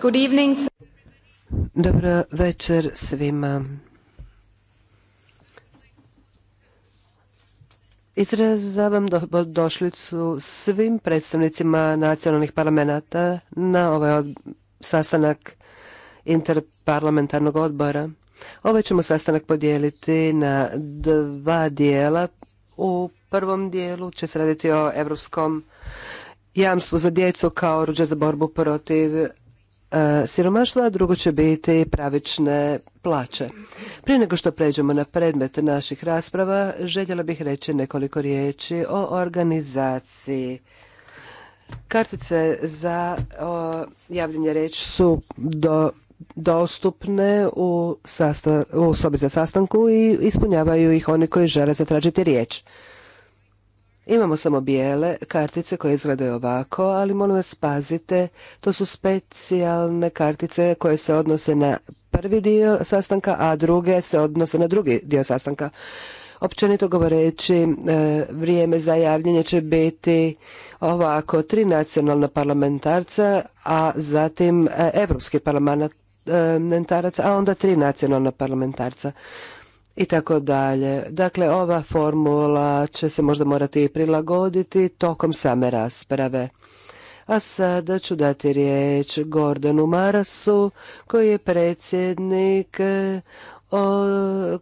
Good evening. Dobro večer svima. Izrazavam došlicu svim predstavnicima nacionalnih parlamenta na ovaj sastanak interparlamentarnog odbora. Ovaj ćemo sastanak podijeliti na dva dijela. U prvom dijelu će se raditi o Europskom jamstvu za djecu kao oruđe za borbu protiv E, siromaštva, a drugo će biti pravične plaće. Prije nego što pređemo na predmet naših rasprava, željela bih reći nekoliko riječi o organizaciji. Kartice za javljanje riječi su do dostupne u, sasta, u sobi za sastanku i ispunjavaju ih oni koji žele zatražiti riječ. Imamo samo bijele kartice koje izgledaju ovako, ali molim vas pazite, to su specijalne kartice koje se odnose na prvi dio sastanka, a druge se odnose na drugi dio sastanka. Općenito govoreći, e, vrijeme za javljanje će biti ovako tri nacionalna parlamentarca, a zatim europski e, parlamentarac, a onda tri nacionalna parlamentarca i tako dalje. Dakle, ova formula će se možda morati prilagoditi tokom same rasprave. A sada ću dati riječ Gordonu Marasu, koji je predsjednik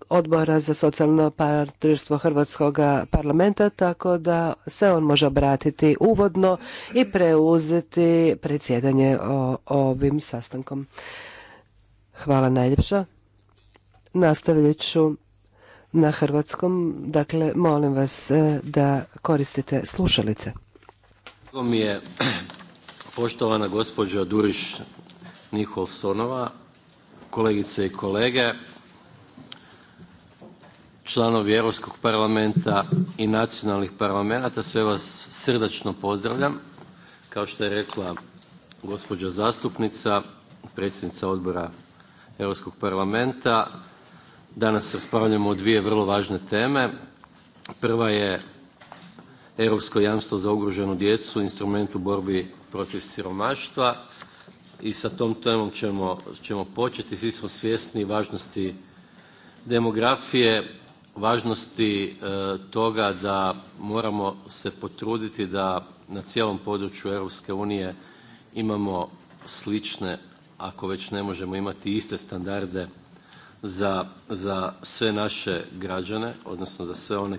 odbora za socijalno partnerstvo Hrvatskog parlamenta, tako da se on može obratiti uvodno i preuzeti predsjedanje ovim sastankom. Hvala najljepša. Nastavit ću na hrvatskom. Dakle, molim vas e, da koristite slušalice. To mi je poštovana gospođa Duriš Nikolsonova, kolegice i kolege, članovi Europskog parlamenta i nacionalnih parlamenta, sve vas srdačno pozdravljam. Kao što je rekla gospođa zastupnica, predsjednica odbora Europskog parlamenta, Danas raspravljamo o dvije vrlo važne teme. Prva je europsko jamstvo za ugroženu djecu, instrument u borbi protiv siromaštva i sa tom temom ćemo, početi. Svi smo svjesni važnosti demografije, važnosti e, toga da moramo se potruditi da na cijelom području Europske unije imamo slične, ako već ne možemo imati iste standarde za sve naše građane odnosno za sve one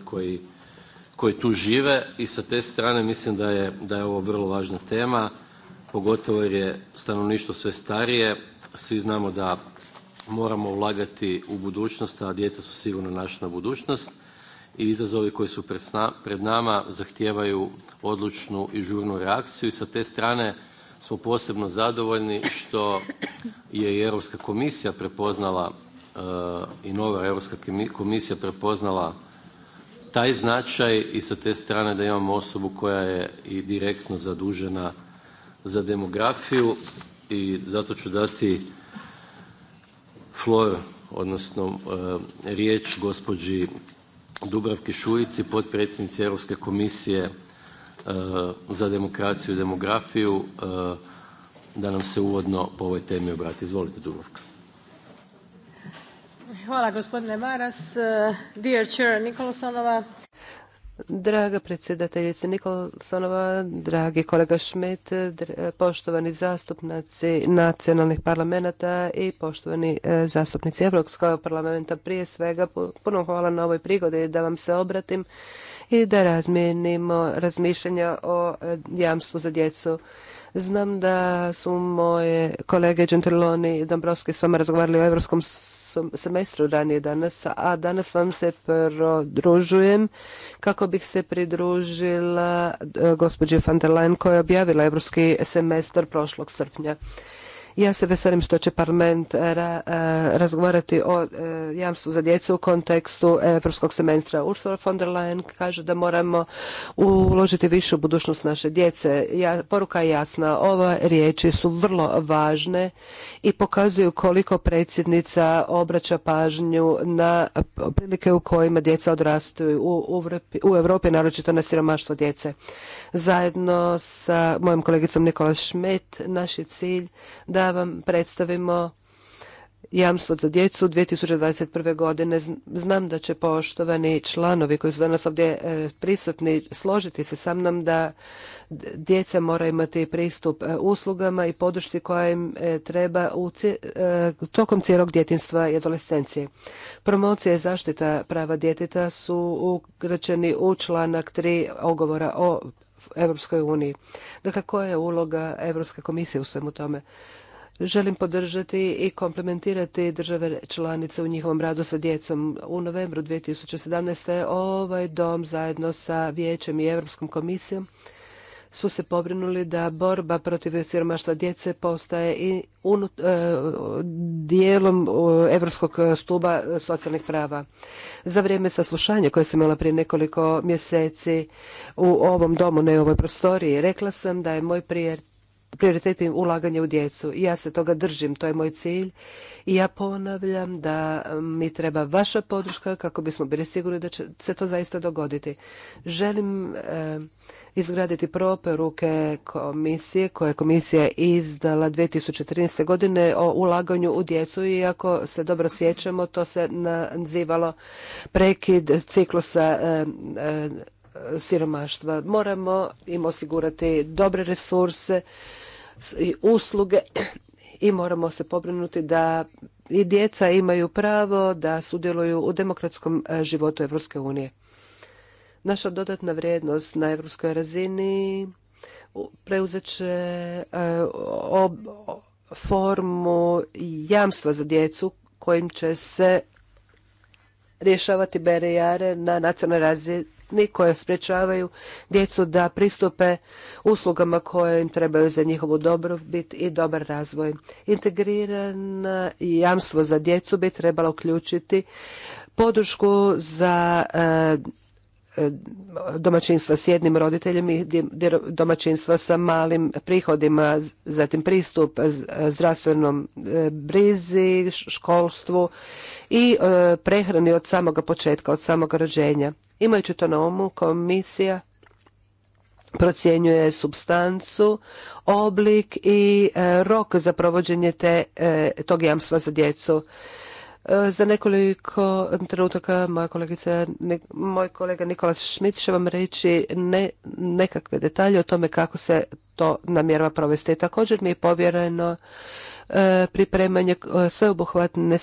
koji, tu žive i sa te strane mislim da je, da je ovo vrlo važna tema pogotovo jer je stanovništvo sve starije. Svi znamo da moramo ulagati u budućnost, a djeca su sigurno naša budućnost i izazovi koji su pred nama zahtijevaju odlučnu i žurnu reakciju i sa te strane smo posebno zadovoljni što je i Europska komisija prepoznala i nova Europska komisija prepoznala taj značaj i sa te strane da imamo osobu koja je i direktno zadužena za demografiju i zato ću dati flor, odnosno e, riječ gospođi Dubravki Šuici, potpredsjednici Europske komisije e, za demokraciju i demografiju e, da nam se uvodno po ovoj temi obrati, izvolite Dubravka. Hvala gospodine Maras. Dear Draga predsjedateljice Nikolsonova, dragi kolega Schmidt, poštovani zastupnici nacionalnih parlamenta i poštovani e, zastupnici Evropskog parlamenta, prije svega puno hvala na ovoj prigodi da vam se obratim i da razmijenimo razmišljanja o e, jamstvu za djecu. Znam da su moje kolege Gentiloni i Dombrovski s vama razgovarali o Europskom semestru ranije danas, a danas vam se prodružujem kako bih se pridružila e, gospođi van der Leyen koja je objavila Europski semestar prošlog srpnja. Ja se veselim što će parlament eh, eh, razgovarati o eh, jamstvu za djecu u kontekstu Europskog semestra. Ursula von der Leyen kaže da moramo uložiti više u budućnost naše djece. Ja, poruka je jasna. Ova riječi su vrlo važne i pokazuju koliko predsjednica obraća pažnju na prilike u kojima djeca odrastaju u, u Europi, naročito na siromaštvo djece. Zajedno sa mojom kolegicom Nikola Šmet naš je cilj da vam predstavimo jamstvo za djecu 2021. godine. Znam da će poštovani članovi koji su danas ovdje e, prisutni složiti se sa mnom da djeca mora imati pristup e, uslugama i podršci koja im e, treba tokom cijelog djetinstva i adolescencije. Promocija i zaštita prava djeteta su ugrađeni u članak 3 ugovora o Europskoj uniji. Dakle, koja je uloga Europske komisije u svemu tome? Želim podržati i komplementirati države članice u njihovom radu sa djecom. U novembru 2017. ovaj dom zajedno sa Vijećem i Europskom komisijom su se pobrinuli da borba protiv siromaštva djece postaje i unut, e, dijelom e, europskog stuba socijalnih prava. Za vrijeme saslušanja koje sam imala prije nekoliko mjeseci u ovom domu, ne u ovoj prostoriji, rekla sam da je moj prijatelj prioritet ulaganja ulaganje u djecu. Ja se toga držim, to je moj cilj. I ja ponavljam da mm, mi treba vaša podrška kako bismo bili sigurni da će se to zaista dogoditi. Želim e, izgraditi ruke komisije koje je komisija izdala 2013. godine o ulaganju u djecu i ako se dobro sjećamo to se nazivalo prekid ciklusa eh, eh, siromaštva. Moramo im osigurati dobre resurse i usluge i moramo se pobrinuti da i djeca imaju pravo da sudjeluju u demokratskom e, životu Evropske unije. Naša dodatna vrijednost na europskoj razini preuzet će e, formu jamstva za djecu kojim će se rješavati berejare na nacionalnoj razini koje sprječavaju djecu da pristupe uslugama koje im trebaju za njihovu dobrobit i dobar razvoj. Integrirano jamstvo za djecu bi trebalo uključiti podršku za e, domaćinstva s jednim roditeljem i domaćinstva sa malim prihodima, zatim pristup zdravstvenom e, brizi, školstvu i e, prehrani od samoga početka, od samog rođenja. Imajući to na umu, komisija procjenjuje substancu, oblik i e, rok za provođenje te, tog jamstva za djecu. E, za nekoliko trenutaka moja kolegica, moj kolega Nikola Šmit će vam reći ne, nekakve detalje o tome kako se to namjerava provesti. Također mi je povjereno e, pripremanje e, sveobuhvatne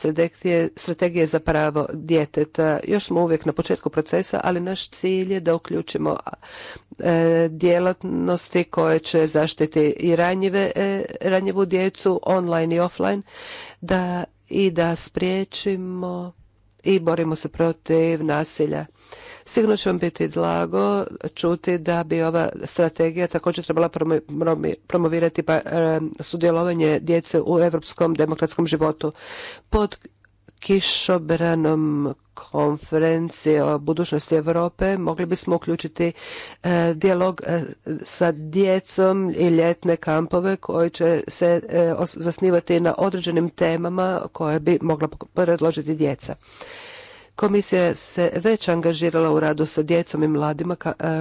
strategije, za pravo djeteta. Još smo uvijek na početku procesa, ali naš cilj je da uključimo djelatnosti koje će zaštiti i ranjive, ranjivu djecu online i offline, da i da spriječimo i borimo se protiv nasilja. Sigurno će vam biti dlago čuti da bi ova strategija također trebala promovirati pa, e, sudjelovanje djece u europskom demokratskom životu. Pod kišobranom konferencije o budućnosti Europe mogli bismo uključiti e, dijalog e, sa djecom i ljetne kampove koji će se e, zasnivati na određenim temama koje bi mogla predložiti djeca. Komisija se već angažirala u radu sa djecom i mladima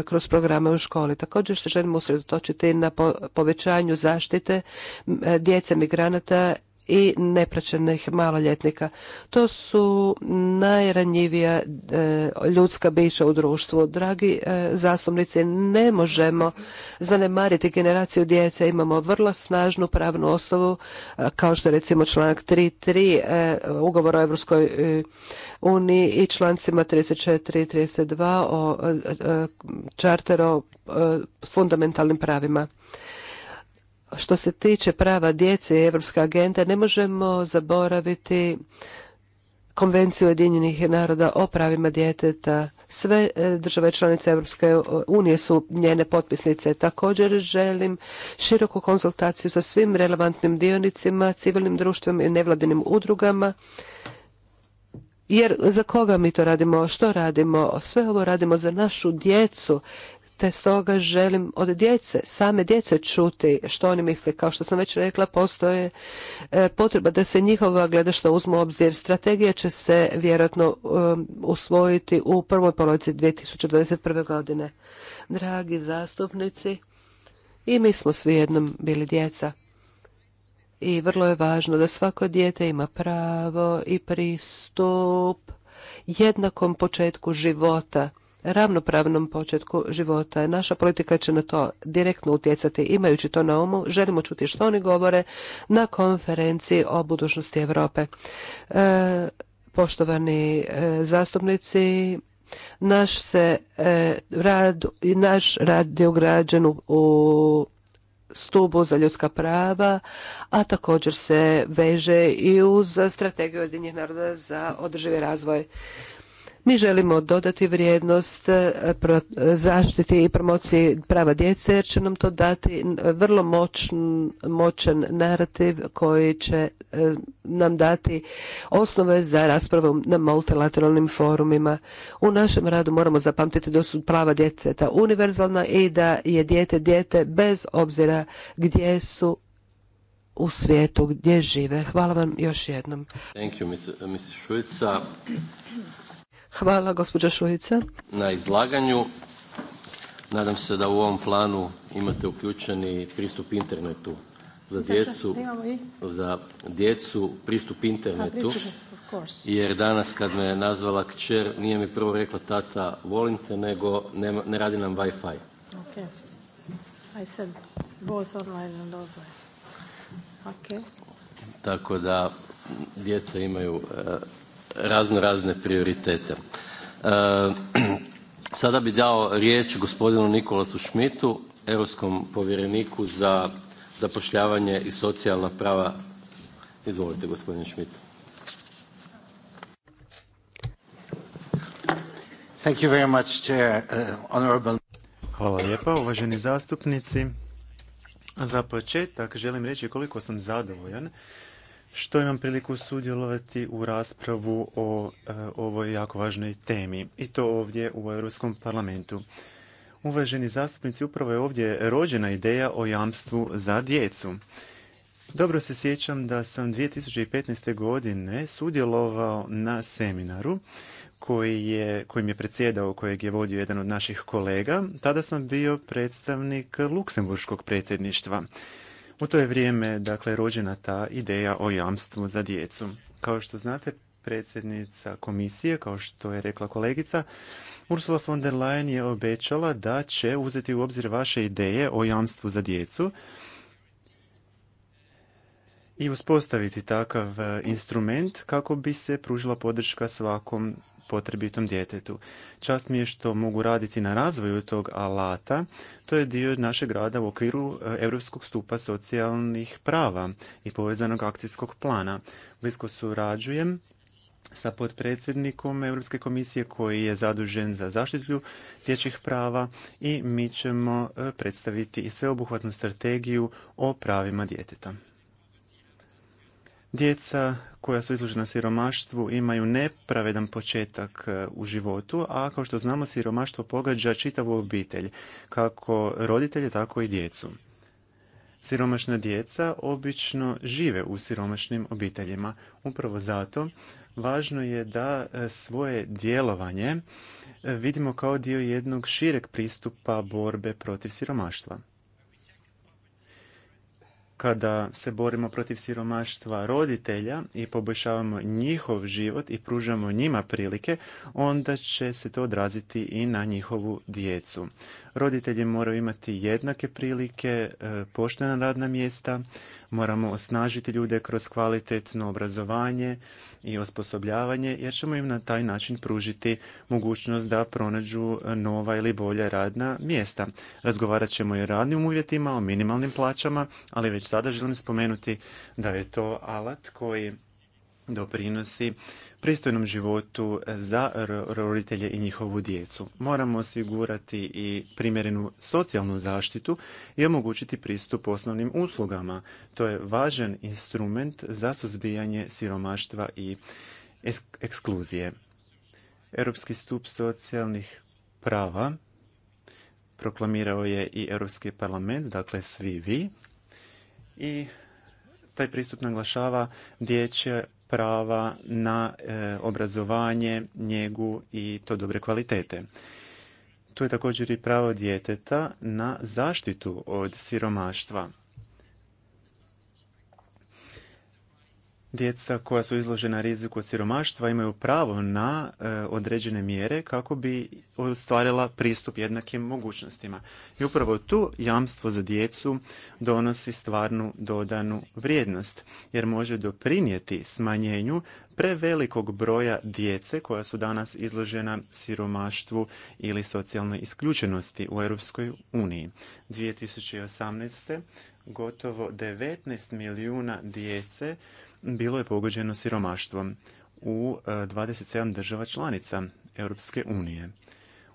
kroz programe u školi. Također se želimo usredotočiti na povećanju zaštite djece migranata i nepraćenih maloljetnika. To su najranjivija e, ljudska bića u društvu. Dragi e, zastupnici, ne možemo zanemariti generaciju djece. Imamo vrlo snažnu pravnu osnovu, e, kao što je recimo članak 3.3 ugovora o Evropskoj uniji i člancima 34 i 32 o čarteru o fundamentalnim pravima što se tiče prava djece i Evropska agenda, ne možemo zaboraviti Konvenciju Ujedinjenih naroda o pravima djeteta. Sve e, države članice Europske unije su njene potpisnice. Također želim široku konzultaciju sa svim relevantnim dionicima, civilnim društvom i nevladinim udrugama. Jer za koga mi to radimo, što radimo? Sve ovo radimo za našu djecu, te stoga želim od djece, same djece čuti što oni misle. Kao što sam već rekla, postoje e, potreba da se njihova gledašta uzmu u obzir. Strategija će se vjerojatno e, usvojiti u prvoj polovici 2021. godine. Dragi zastupnici, i mi smo svi jednom bili djeca. I vrlo je važno da svako dijete ima pravo i pristup jednakom početku života – ravnopravnom početku života. Naša politika će na to direktno utjecati. Imajući to na umu, želimo čuti što oni govore na konferenciji o budućnosti Europe. E, poštovani e, zastupnici, naš se e, rad, naš rad je ugrađen u, u stubu za ljudska prava, a također se veže i uz strategiju Ujedinjenih naroda za održivi razvoj. Mi želimo dodati vrijednost eh, zaštiti i promociji prava djece jer će nam to dati vrlo moćn, moćan narativ koji će eh, nam dati osnove za raspravu na multilateralnim forumima. U našem radu moramo zapamtiti da su prava djeteta univerzalna i da je dijete dijete bez obzira gdje su u svijetu gdje žive. Hvala vam još jednom. Hvala gospođa Šujica. Na izlaganju nadam se da u ovom planu imate uključeni pristup internetu za djecu, za djecu pristup internetu jer danas kad me je nazvala kćer nije mi prvo rekla tata volim te nego ne, radi nam Wi-Fi. I said online Tako da djeca imaju e, razno razne prioritete. E, sada bi dao riječ gospodinu Nikolasu Šmitu, europskom povjereniku za zapošljavanje i socijalna prava. Izvolite gospodine Schmidt. Thank you very much, uh, Honorable... Hvala lijepa, uvaženi zastupnici. Za početak želim reći koliko sam zadovoljan što imam priliku sudjelovati u raspravu o e, ovoj jako važnoj temi i to ovdje u Europskom parlamentu. Uvaženi zastupnici, upravo je ovdje rođena ideja o jamstvu za djecu. Dobro se sjećam da sam 2015. godine sudjelovao na seminaru koji je, kojim je predsjedao, kojeg je vodio jedan od naših kolega. Tada sam bio predstavnik Luksemburškog predsjedništva. U to je vrijeme dakle rođena ta ideja o jamstvu za djecu. Kao što znate, predsjednica komisije, kao što je rekla kolegica, Ursula von der Leyen je obećala da će uzeti u obzir vaše ideje o jamstvu za djecu i uspostaviti takav e, instrument kako bi se pružila podrška svakom potrebitom djetetu. Čast mi je što mogu raditi na razvoju tog alata. To je dio našeg rada u okviru e, Europskog stupa socijalnih prava i povezanog akcijskog plana. Blisko surađujem sa potpredsjednikom Europske komisije koji je zadužen za zaštitu dječjih prava i mi ćemo e, predstaviti i sveobuhvatnu strategiju o pravima djeteta. Djeca koja su izložena siromaštvu imaju nepravedan početak e, u životu, a kao što znamo siromaštvo pogađa čitavu obitelj, kako roditelje, tako i djecu. Siromašna djeca obično žive u siromašnim obiteljima. Upravo zato važno je da e, svoje djelovanje e, vidimo kao dio jednog šireg pristupa borbe protiv siromaštva kada se borimo protiv siromaštva roditelja i poboljšavamo njihov život i pružamo njima prilike, onda će se to odraziti i na njihovu djecu. Roditelji moraju imati jednake prilike, e, poštena radna mjesta, moramo osnažiti ljude kroz kvalitetno obrazovanje i osposobljavanje jer ćemo im na taj način pružiti mogućnost da pronađu nova ili bolja radna mjesta. Razgovarat ćemo i o radnim uvjetima, o minimalnim plaćama, ali već sada želim spomenuti da je to alat koji doprinosi pristojnom životu e, za roditelje i njihovu djecu. Moramo osigurati i primjerenu socijalnu zaštitu i omogućiti pristup osnovnim uslugama. To je važan instrument za suzbijanje siromaštva i ekskluzije. Europski stup socijalnih prava proklamirao je i Europski parlament, dakle svi vi. I taj pristup naglašava dječje prava na e, obrazovanje, njegu i to dobre kvalitete. Tu je također i pravo djeteta na zaštitu od siromaštva Djeca koja su izložena riziku od siromaštva imaju pravo na e, određene mjere kako bi ostvarila pristup jednakim mogućnostima. I upravo tu jamstvo za djecu donosi stvarnu dodanu vrijednost jer može doprinijeti smanjenju prevelikog broja djece koja su danas izložena siromaštvu ili socijalnoj isključenosti u Europskoj uniji. 2018. gotovo 19 milijuna djece bilo je pogođeno siromaštvom u 27 e, država članica Europske unije.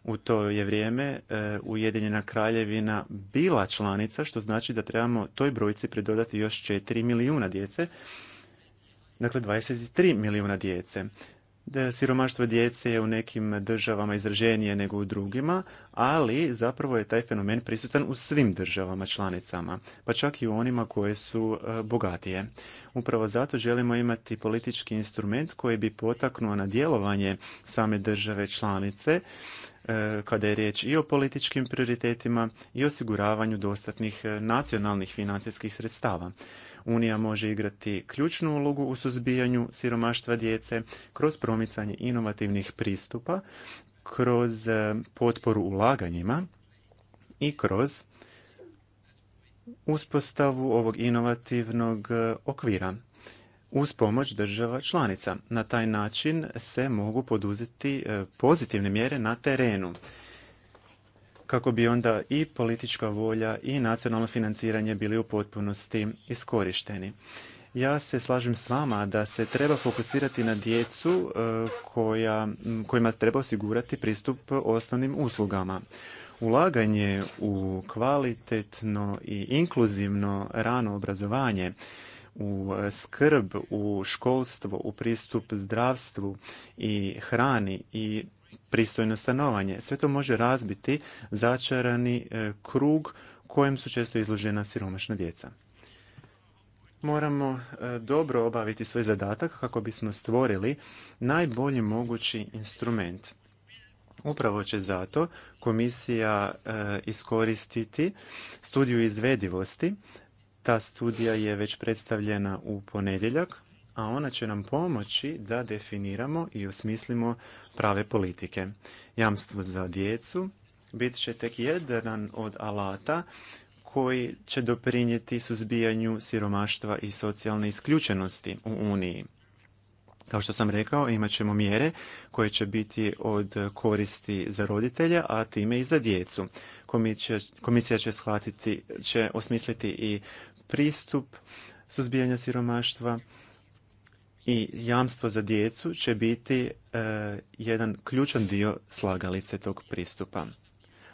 U to je vrijeme e, Ujedinjena kraljevina bila članica, što znači da trebamo toj brojci pridodati još 4 milijuna djece, dakle 23 milijuna djece siromaštvo djece je u nekim državama izraženije nego u drugima, ali zapravo je taj fenomen prisutan u svim državama članicama, pa čak i u onima koje su e, bogatije. Upravo zato želimo imati politički instrument koji bi potaknuo na djelovanje same države članice e, kada je riječ i o političkim prioritetima i osiguravanju dostatnih e, nacionalnih financijskih sredstava. Unija može igrati ključnu ulogu u suzbijanju siromaštva djece kroz promicanje inovativnih pristupa, kroz e, potporu ulaganjima i kroz uspostavu ovog inovativnog e, okvira uz pomoć država članica. Na taj način se mogu poduzeti e, pozitivne mjere na terenu kako bi onda i politička volja i nacionalno financiranje bili u potpunosti iskorišteni. Ja se slažem s vama da se treba fokusirati na djecu e, koja, kojima treba osigurati pristup osnovnim uslugama. Ulaganje u kvalitetno i inkluzivno rano obrazovanje u e, skrb, u školstvo, u pristup zdravstvu i hrani i pristojno stanovanje. Sve to može razbiti začarani e, krug kojem su često izložena siromašna djeca. Moramo e, dobro obaviti svoj zadatak kako bismo stvorili najbolji mogući instrument. Upravo će zato komisija e, iskoristiti studiju izvedivosti. Ta studija je već predstavljena u ponedjeljak a ona će nam pomoći da definiramo i osmislimo prave politike. Jamstvo za djecu bit će tek jedan od alata koji će doprinijeti suzbijanju siromaštva i socijalne isključenosti u Uniji. Kao što sam rekao, imat ćemo mjere koje će biti od koristi za roditelja, a time i za djecu. Komisija će shvatiti, će osmisliti i pristup suzbijanja siromaštva, i jamstvo za djecu će biti e, jedan ključan dio slagalice tog pristupa.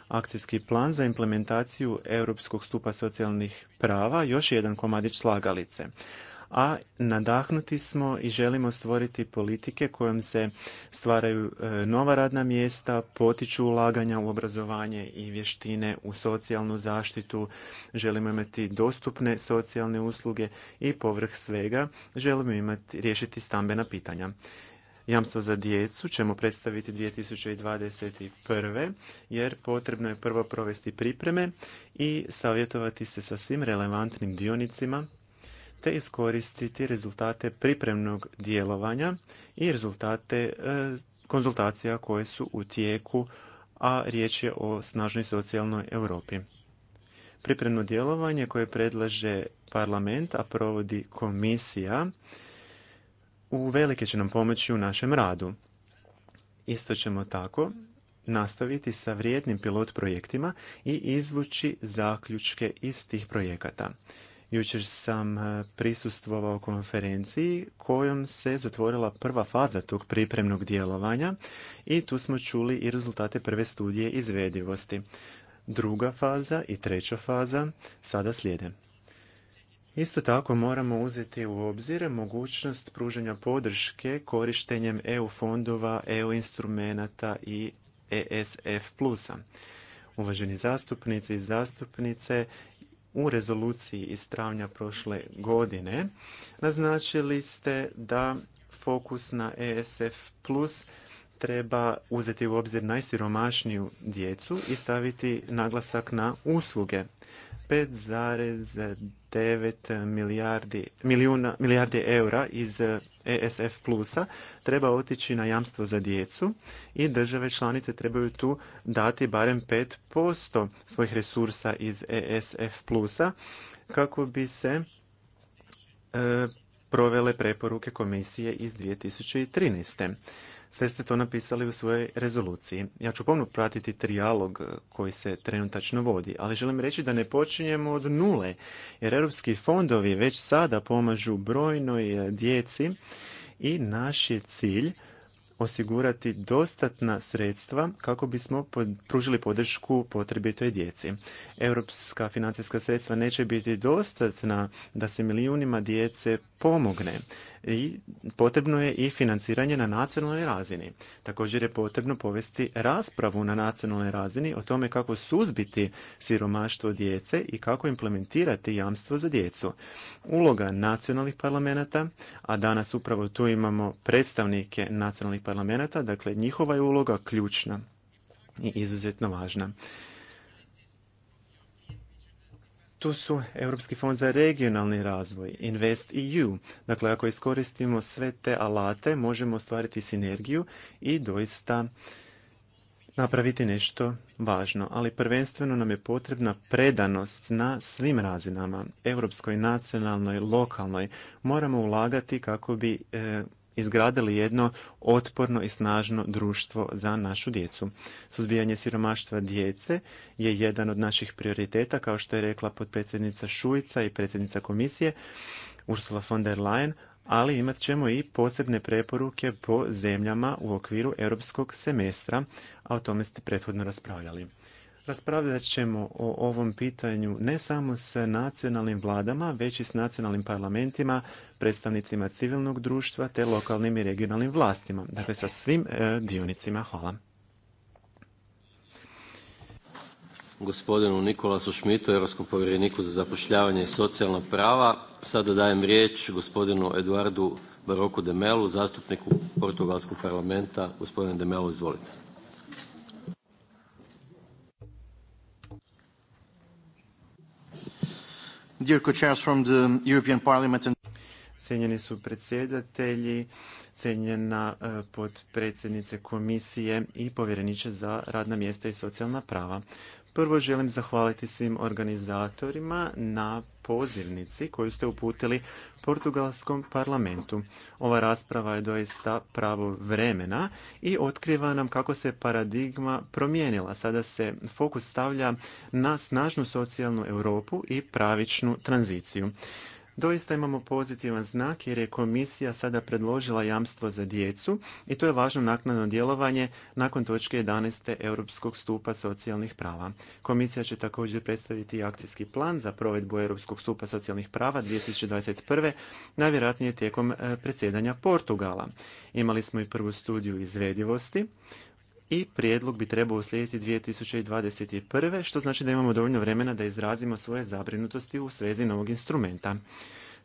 Akcijski plan za implementaciju Europskog stupa socijalnih prava još jedan komadić slagalice a nadahnuti smo i želimo stvoriti politike kojom se stvaraju e, nova radna mjesta, potiču ulaganja u obrazovanje i vještine, u socijalnu zaštitu, želimo imati dostupne socijalne usluge i povrh svega želimo imati, riješiti stambena pitanja. Jamstvo za djecu ćemo predstaviti 2021. jer potrebno je prvo provesti pripreme i savjetovati se sa svim relevantnim dionicima te iskoristiti rezultate pripremnog djelovanja i rezultate e, konzultacija koje su u tijeku, a riječ je o snažnoj socijalnoj Europi. Pripremno djelovanje koje predlaže parlament, a provodi komisija, u velike će nam pomoći u našem radu. Isto ćemo tako nastaviti sa vrijednim pilot projektima i izvući zaključke iz tih projekata. Jučer sam e, prisustvovao konferenciji kojom se zatvorila prva faza tog pripremnog djelovanja i tu smo čuli i rezultate prve studije izvedivosti. Druga faza i treća faza sada slijede. Isto tako moramo uzeti u obzir mogućnost pružanja podrške korištenjem EU fondova, EU instrumenata i ESF plusa. Uvaženi zastupnici i zastupnice, u rezoluciji iz travnja prošle godine naznačili ste da fokus na ESF plus treba uzeti u obzir najsiromašniju djecu i staviti naglasak na usluge. 5,9 milijardi, milijuna, milijardi eura iz ESF plusa treba otići na jamstvo za djecu i države članice trebaju tu dati barem 5% svojih resursa iz ESF plusa kako bi se e, provele preporuke komisije iz 2013 sve ste to napisali u svojoj rezoluciji. Ja ću pomno pratiti trijalog eh, koji se trenutačno vodi, ali želim reći da ne počinjemo od nule, jer europski fondovi već sada pomažu brojnoj eh, djeci i naš je cilj osigurati dostatna sredstva kako bismo pružili podršku potrebitoj djeci. Europska financijska sredstva neće biti dostatna da se milijunima djece pomogne i potrebno je i financiranje na nacionalnoj razini. Također je potrebno povesti raspravu na nacionalnoj razini o tome kako suzbiti siromaštvo djece i kako implementirati jamstvo za djecu. Uloga nacionalnih parlamenta, a danas upravo tu imamo predstavnike nacionalnih parlamenta, dakle njihova je uloga ključna i izuzetno važna tu su Europski fond za regionalni razvoj, Invest EU. Dakle, ako iskoristimo sve te alate, možemo ostvariti sinergiju i doista napraviti nešto važno. Ali prvenstveno nam je potrebna predanost na svim razinama, europskoj, nacionalnoj, lokalnoj. Moramo ulagati kako bi e, izgradili jedno otporno i snažno društvo za našu djecu. Suzbijanje siromaštva djece je jedan od naših prioriteta, kao što je rekla potpredsjednica Šujica i predsjednica komisije Ursula von der Leyen, ali imat ćemo i posebne preporuke po zemljama u okviru europskog semestra, a o tome ste prethodno raspravljali. Raspravljat ćemo o ovom pitanju ne samo s nacionalnim vladama, već i s nacionalnim parlamentima, predstavnicima civilnog društva te lokalnim i regionalnim vlastima. Dakle, sa svim e, dionicima. Hvala. Gospodinu Nikolasu Šmitu, Europskom povjereniku za zapošljavanje i socijalna prava. Sada dajem riječ gospodinu Eduardu Baroku Demelu, zastupniku Portugalskog parlamenta. Gospodine Demelu, izvolite. cijenjeni su predsjedatelji, cijenjena e, potpredsjednice komisije i povjereniče za radna mjesta i socijalna prava. Prvo želim zahvaliti svim organizatorima na pozivnici koju ste uputili Portugalskom parlamentu. Ova rasprava je doista pravo vremena i otkriva nam kako se paradigma promijenila. Sada se fokus stavlja na snažnu socijalnu Europu i pravičnu tranziciju. Doista imamo pozitivan znak jer je komisija sada predložila jamstvo za djecu i to je važno naknadno djelovanje nakon točke 11. Europskog stupa socijalnih prava. Komisija će također predstaviti akcijski plan za provedbu Europskog stupa socijalnih prava 2021. najvjerojatnije tijekom e, predsjedanja Portugala. Imali smo i prvu studiju izvedivosti i prijedlog bi trebao uslijediti 2021. što znači da imamo dovoljno vremena da izrazimo svoje zabrinutosti u svezi novog instrumenta.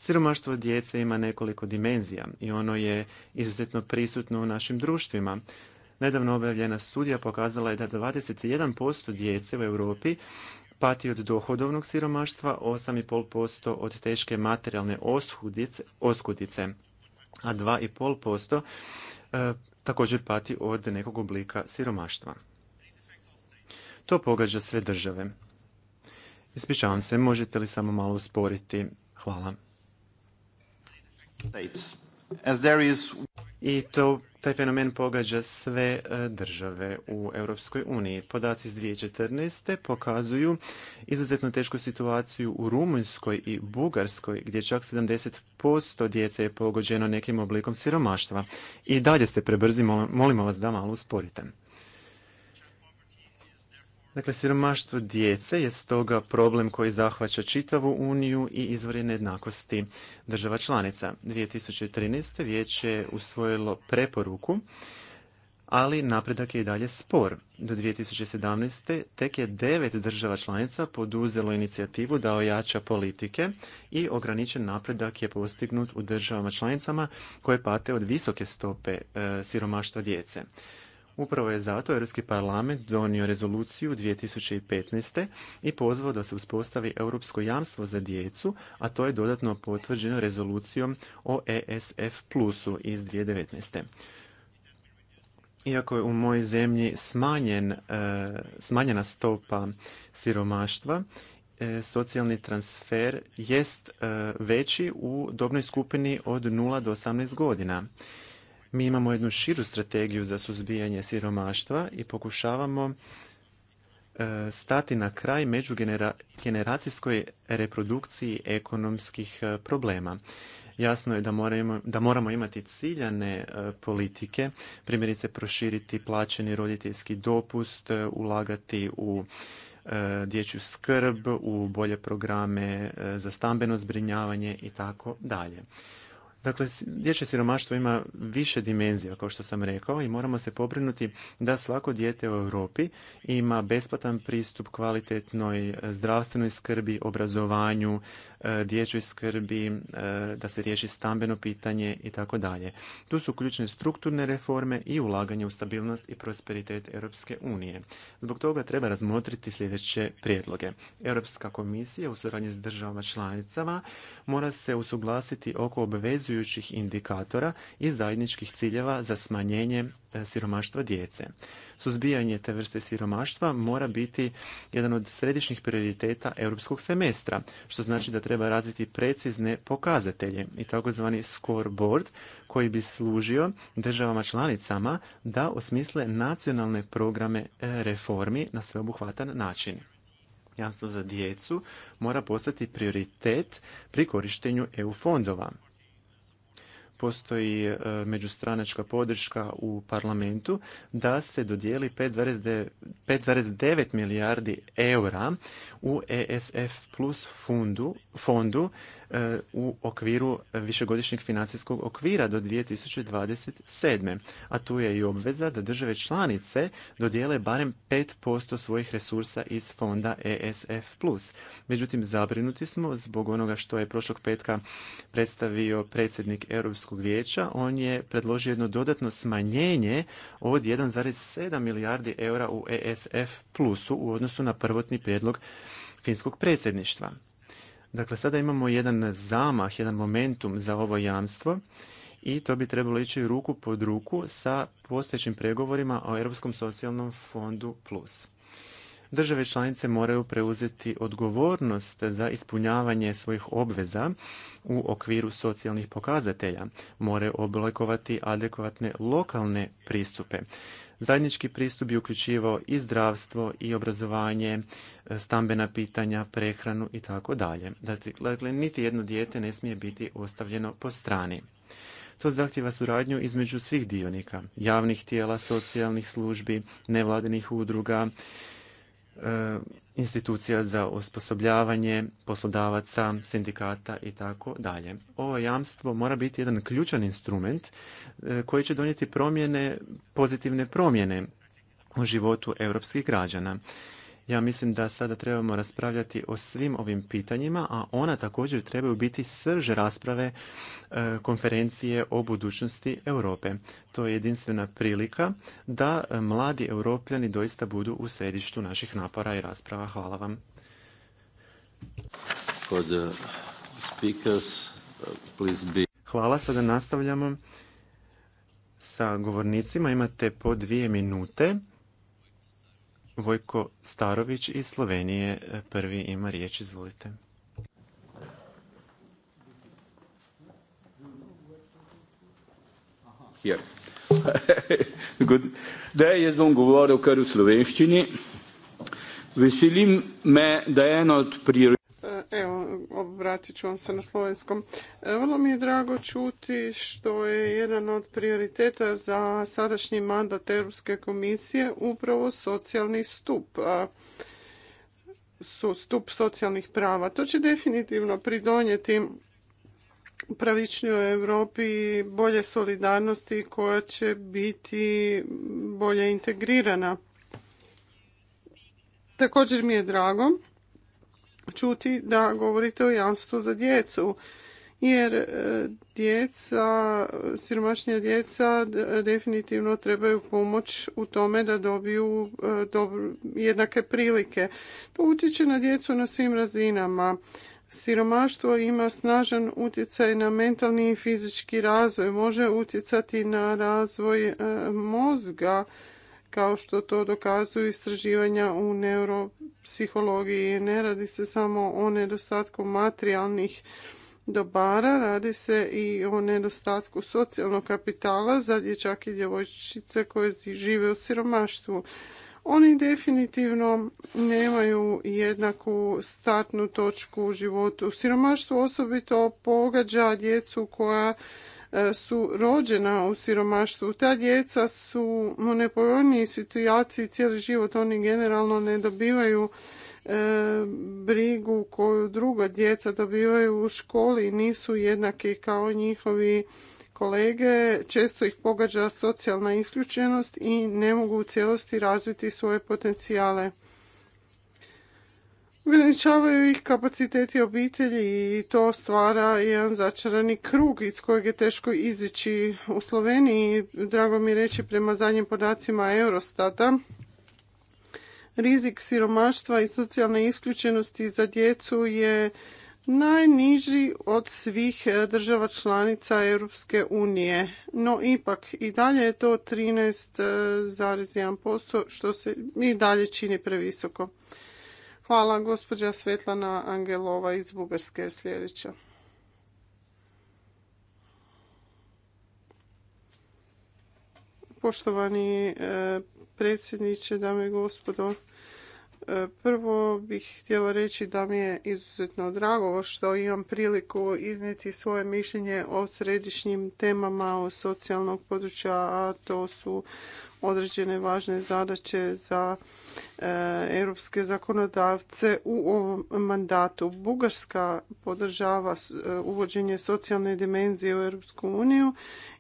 Siromaštvo djece ima nekoliko dimenzija i ono je izuzetno prisutno u našim društvima. Nedavno objavljena studija pokazala je da 21% djece u Europi pati od dohodovnog siromaštva, 8,5% od teške materijalne oskudice, a 2,5% također pati od nekog oblika siromaštva. To pogađa sve države. Ispričavam se, možete li samo malo usporiti? Hvala. I to taj fenomen pogađa sve e, države u Europskoj uniji. Podaci iz 2014. pokazuju izuzetno tešku situaciju u Rumunjskoj i Bugarskoj, gdje čak 70% djece je pogođeno nekim oblikom siromaštva. I dalje ste prebrzi, molimo vas da malo usporite. Dakle, siromaštvo djece je stoga problem koji zahvaća čitavu Uniju i izvor nejednakosti država članica. 2013. vijeće je usvojilo preporuku, ali napredak je i dalje spor. Do 2017. tek je devet država članica poduzelo inicijativu da ojača politike i ograničen napredak je postignut u državama članicama koje pate od visoke stope e, siromaštva djece. Upravo je zato Europski parlament donio rezoluciju 2015. i pozvao da se uspostavi europsko jamstvo za djecu, a to je dodatno potvrđeno rezolucijom o ESF plusu iz 2019. Iako je u mojoj zemlji smanjen, e, smanjena stopa siromaštva, e, socijalni transfer jest e, veći u dobnoj skupini od 0 do 18 godina. Mi imamo jednu širu strategiju za suzbijanje siromaštva i pokušavamo e, stati na kraj međugeneracijskoj reprodukciji ekonomskih e, problema. Jasno je da moramo, da moramo imati ciljane e, politike, primjerice proširiti plaćeni roditeljski dopust, ulagati u dječju skrb, u bolje programe za stambeno zbrinjavanje i tako dalje. Dakle, dječje siromaštvo ima više dimenzija, kao što sam rekao, i moramo se pobrinuti da svako dijete u Europi ima besplatan pristup kvalitetnoj e, zdravstvenoj skrbi, obrazovanju, E, dječjoj skrbi, e, da se riješi stambeno pitanje i tako dalje. Tu su ključne strukturne reforme i ulaganje u stabilnost i prosperitet Europske unije. Zbog toga treba razmotriti sljedeće prijedloge. Europska komisija u suradnji s državama članicama mora se usuglasiti oko obvezujućih indikatora i zajedničkih ciljeva za smanjenje e, siromaštva djece. Suzbijanje te vrste siromaštva mora biti jedan od središnjih prioriteta europskog semestra, što znači da treba treba razviti precizne pokazatelje i takozvani scoreboard koji bi služio državama članicama da osmisle nacionalne programe e, reformi na sveobuhvatan način. Jamstvo za djecu mora postati prioritet pri korištenju EU fondova postoji e, međustranačka podrška u parlamentu da se dodijeli 5,9 milijardi eura u ESF plus fondu e, u okviru višegodišnjeg financijskog okvira do 2027. A tu je i obveza da države članice dodijele barem 5% svojih resursa iz fonda ESF+. Međutim, zabrinuti smo zbog onoga što je prošlog petka predstavio predsjednik Europskog Europskog vijeća, on je predložio jedno dodatno smanjenje od 1,7 milijardi eura u ESF plusu u odnosu na prvotni prijedlog finskog predsjedništva. Dakle, sada imamo jedan zamah, jedan momentum za ovo jamstvo i to bi trebalo ići ruku pod ruku sa postojećim pregovorima o Europskom socijalnom fondu plus države članice moraju preuzeti odgovornost za ispunjavanje svojih obveza u okviru socijalnih pokazatelja, moraju oblikovati adekvatne lokalne pristupe. Zajednički pristup bi uključivao i zdravstvo i obrazovanje, stambena pitanja, prehranu i tako dalje. Dakle, dakle niti jedno dijete ne smije biti ostavljeno po strani. To zahtjeva suradnju između svih dionika, javnih tijela, socijalnih službi, nevladinih udruga, institucija za osposobljavanje poslodavaca, sindikata i tako dalje. Ovo jamstvo mora biti jedan ključan instrument e, koji će donijeti promjene, pozitivne promjene u životu europskih građana. Ja mislim da sada trebamo raspravljati o svim ovim pitanjima, a ona također trebaju biti srž rasprave e, konferencije o budućnosti Europe. To je jedinstvena prilika da e, mladi europljani doista budu u središtu naših napora i rasprava. Hvala vam. E, Hvala, sada nastavljamo sa govornicima. Imate po dvije minute Vojko Starović iz Slovenije e, prvi ima riječ, izvolite. Da je jaz bom govoril kar v slovenščini. Veselim me, da je eno od prioritetov Evo, obratit ću vam se na slovenskom. E, vrlo mi je drago čuti što je jedan od prioriteta za sadašnji mandat Europske komisije upravo socijalni stup su stup socijalnih prava. To će definitivno pridonijeti pravičnijoj Europi, bolje solidarnosti koja će biti bolje integrirana. Također mi je drago čuti da govorite o jamstvu za djecu jer e, djeca, siromašnija djeca definitivno trebaju pomoć u tome da dobiju e, jednake prilike. To utječe na djecu na svim razinama. Siromaštvo ima snažan utjecaj na mentalni i fizički razvoj, može utjecati na razvoj e, mozga, kao što to dokazuju istraživanja u neuropsihologiji. Ne radi se samo o nedostatku materijalnih dobara, radi se i o nedostatku socijalnog kapitala za dječake i djevojčice koje žive u siromaštvu. Oni definitivno nemaju jednaku startnu točku u životu. Siromaštvo osobito pogađa djecu koja E, su rođena u siromaštvu. Ta djeca su u nepovoljniji situaciji cijeli život. Oni generalno ne dobivaju e, brigu koju druga djeca dobivaju u školi i nisu jednaki kao njihovi kolege. Često ih pogađa socijalna isključenost i ne mogu u cijelosti razviti svoje potencijale. Ograničavaju ih kapaciteti obitelji i to stvara jedan začarani krug iz kojeg je teško izići u Sloveniji. Drago mi je reći prema zadnjim podacima Eurostata, rizik siromaštva i socijalne isključenosti za djecu je najniži od svih država članica Europske unije. No ipak i dalje je to 13,1% što se i dalje čini previsoko. Hvala, gospođa Svetlana Angelova iz Bugarske sljedeća. Poštovani e, predsjedniče, dame i gospodo, e, Prvo bih htjela reći da mi je izuzetno drago što imam priliku iznijeti svoje mišljenje o središnjim temama u socijalnog područja, a to su određene važne zadaće za e, europske zakonodavce u ovom mandatu. Bugarska podržava e, uvođenje socijalne dimenzije u Europsku uniju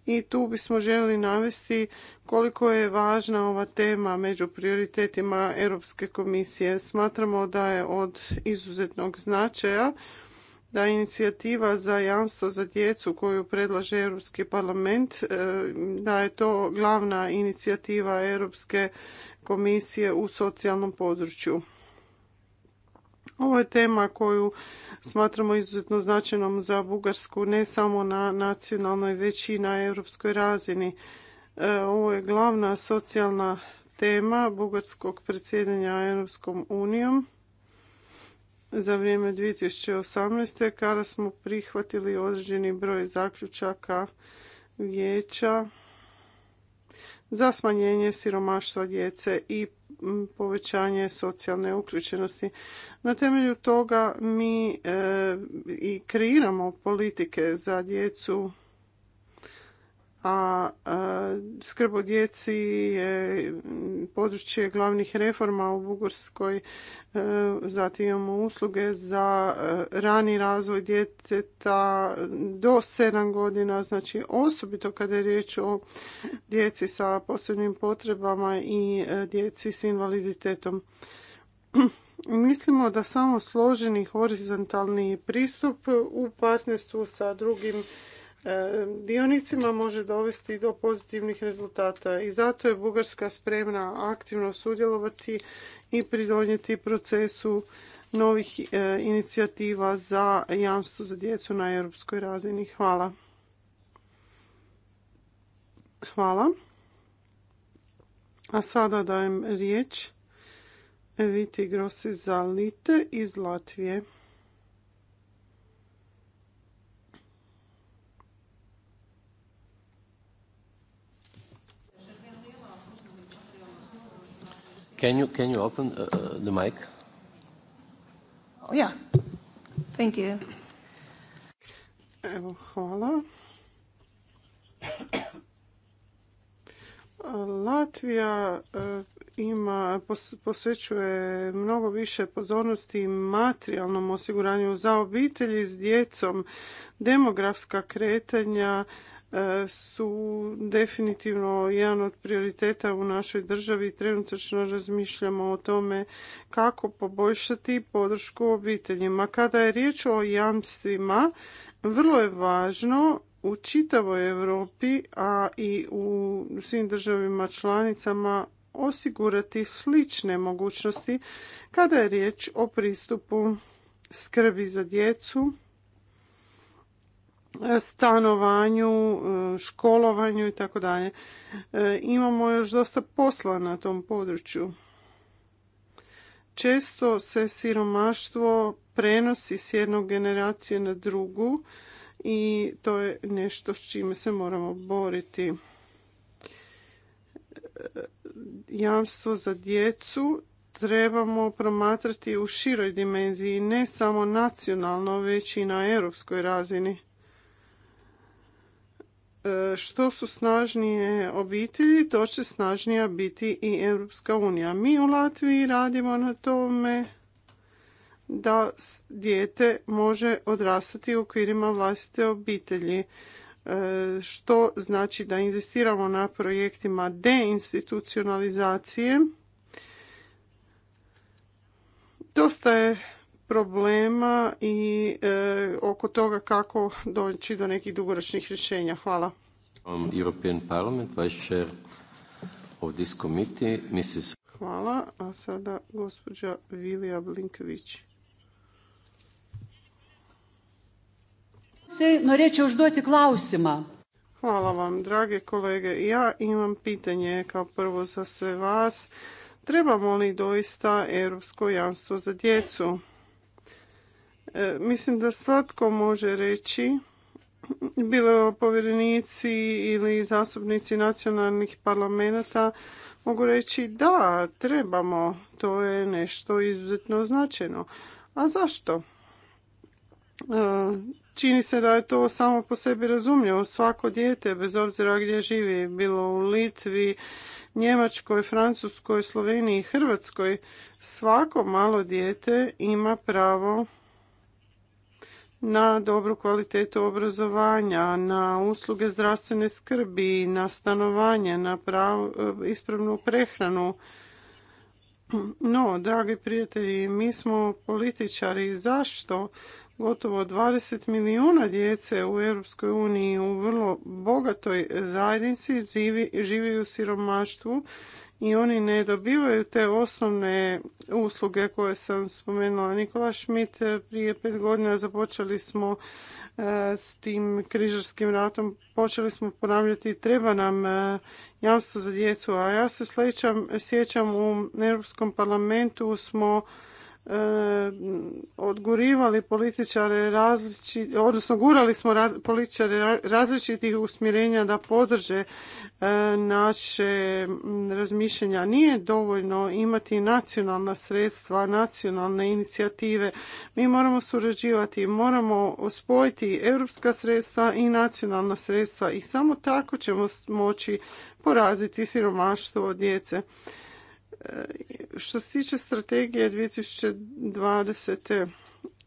i tu bismo željeli navesti koliko je važna ova tema među prioritetima Europske komisije. Smatramo da je od izuzetnog značaja da inicijativa za jamstvo za djecu koju predlaže Europski parlament, e, da je to glavna inicijativa Europske komisije u socijalnom području. Ovo je tema koju smatramo izuzetno značajnom za Bugarsku, ne samo na nacionalnoj, već i na europskoj razini. E, ovo je glavna socijalna tema bugarskog predsjedanja Europskom unijom za vrijeme 2018. kada smo prihvatili određeni broj zaključaka vijeća za smanjenje siromaštva djece i povećanje socijalne uključenosti. Na temelju toga mi e, i kreiramo politike za djecu a skrb o djeci je područje glavnih reforma u Bugarskoj. E, zatim imamo usluge za e, rani razvoj djeteta do 7 godina, znači osobito kada je riječ o djeci sa posebnim potrebama i e, djeci s invaliditetom. Mislimo da samo složeni horizontalni pristup u partnerstvu sa drugim E, dionicima može dovesti do pozitivnih rezultata i zato je Bugarska spremna aktivno sudjelovati i pridonijeti procesu novih e, inicijativa za jamstvo za djecu na europskoj razini. Hvala. Hvala. A sada dajem riječ Eviti Grosi za Lite iz Latvije. Can you, open uh, uh, the mic? Oh, Thank you. Evo, hvala. Latvija e, ima, posvećuje mnogo više pozornosti materijalnom osiguranju za obitelji s djecom, demografska kretanja, E, su definitivno jedan od prioriteta u našoj državi i trenutačno razmišljamo o tome kako poboljšati podršku obiteljima. Kada je riječ o jamstvima, vrlo je važno u čitavoj Europi, a i u svim državima članicama osigurati slične mogućnosti kada je riječ o pristupu skrbi za djecu stanovanju, e, školovanju i tako dalje. E, imamo još dosta posla na tom području. Često se siromaštvo prenosi s jednog generacije na drugu i to je nešto s čime se moramo boriti. E, jamstvo za djecu trebamo promatrati u široj dimenziji, ne samo nacionalno, već i na europskoj razini E, što su snažnije obitelji, to će snažnija biti i Europska unija. Mi u Latviji radimo na tome da dijete može odrastati u okvirima vlastite obitelji. E, što znači da inzistiramo na projektima deinstitucionalizacije. Dosta je problema i e, oko toga kako doći do nekih dugoročnih rješenja. Hvala. European Parliament, Hvala. A sada gospođa Vilija Blinković. klausima Hvala vam, drage kolege. Ja imam pitanje kao prvo za sve vas. Trebamo li doista europsko jamstvo za djecu? E, mislim da svatko može reći, bilo povjerenici ili zastupnici nacionalnih parlamenta, mogu reći da, trebamo, to je nešto izuzetno značajno. A zašto? E, čini se da je to samo po sebi razumljivo. Svako dijete, bez obzira gdje živi, bilo u Litvi, Njemačkoj, Francuskoj, Sloveniji, Hrvatskoj, svako malo dijete ima pravo na dobru kvalitetu obrazovanja, na usluge zdravstvene skrbi, na stanovanje, na prav, eh, ispravnu prehranu. No, dragi prijatelji, mi smo političari. Zašto gotovo 20 milijuna djece u Europskoj uniji u vrlo bogatoj zajednici živi, živi u siromaštvu i oni ne dobivaju te osnovne usluge koje sam spomenula. Nikola Schmidt eh, prije pet godina započeli smo eh, s tim križarskim ratom, počeli smo ponavljati treba nam eh, jamstvo za djecu, a ja se sjećam u Europskom parlamentu smo E, odgurivali političare različiti, odnosno gurali smo političare različitih usmjerenja da podrže e, naše razmišljanja. Nije dovoljno imati nacionalna sredstva, nacionalne inicijative. Mi moramo surađivati, moramo spojiti europska sredstva i nacionalna sredstva i samo tako ćemo moći poraziti siromaštvo djece što se tiče strategije 2020.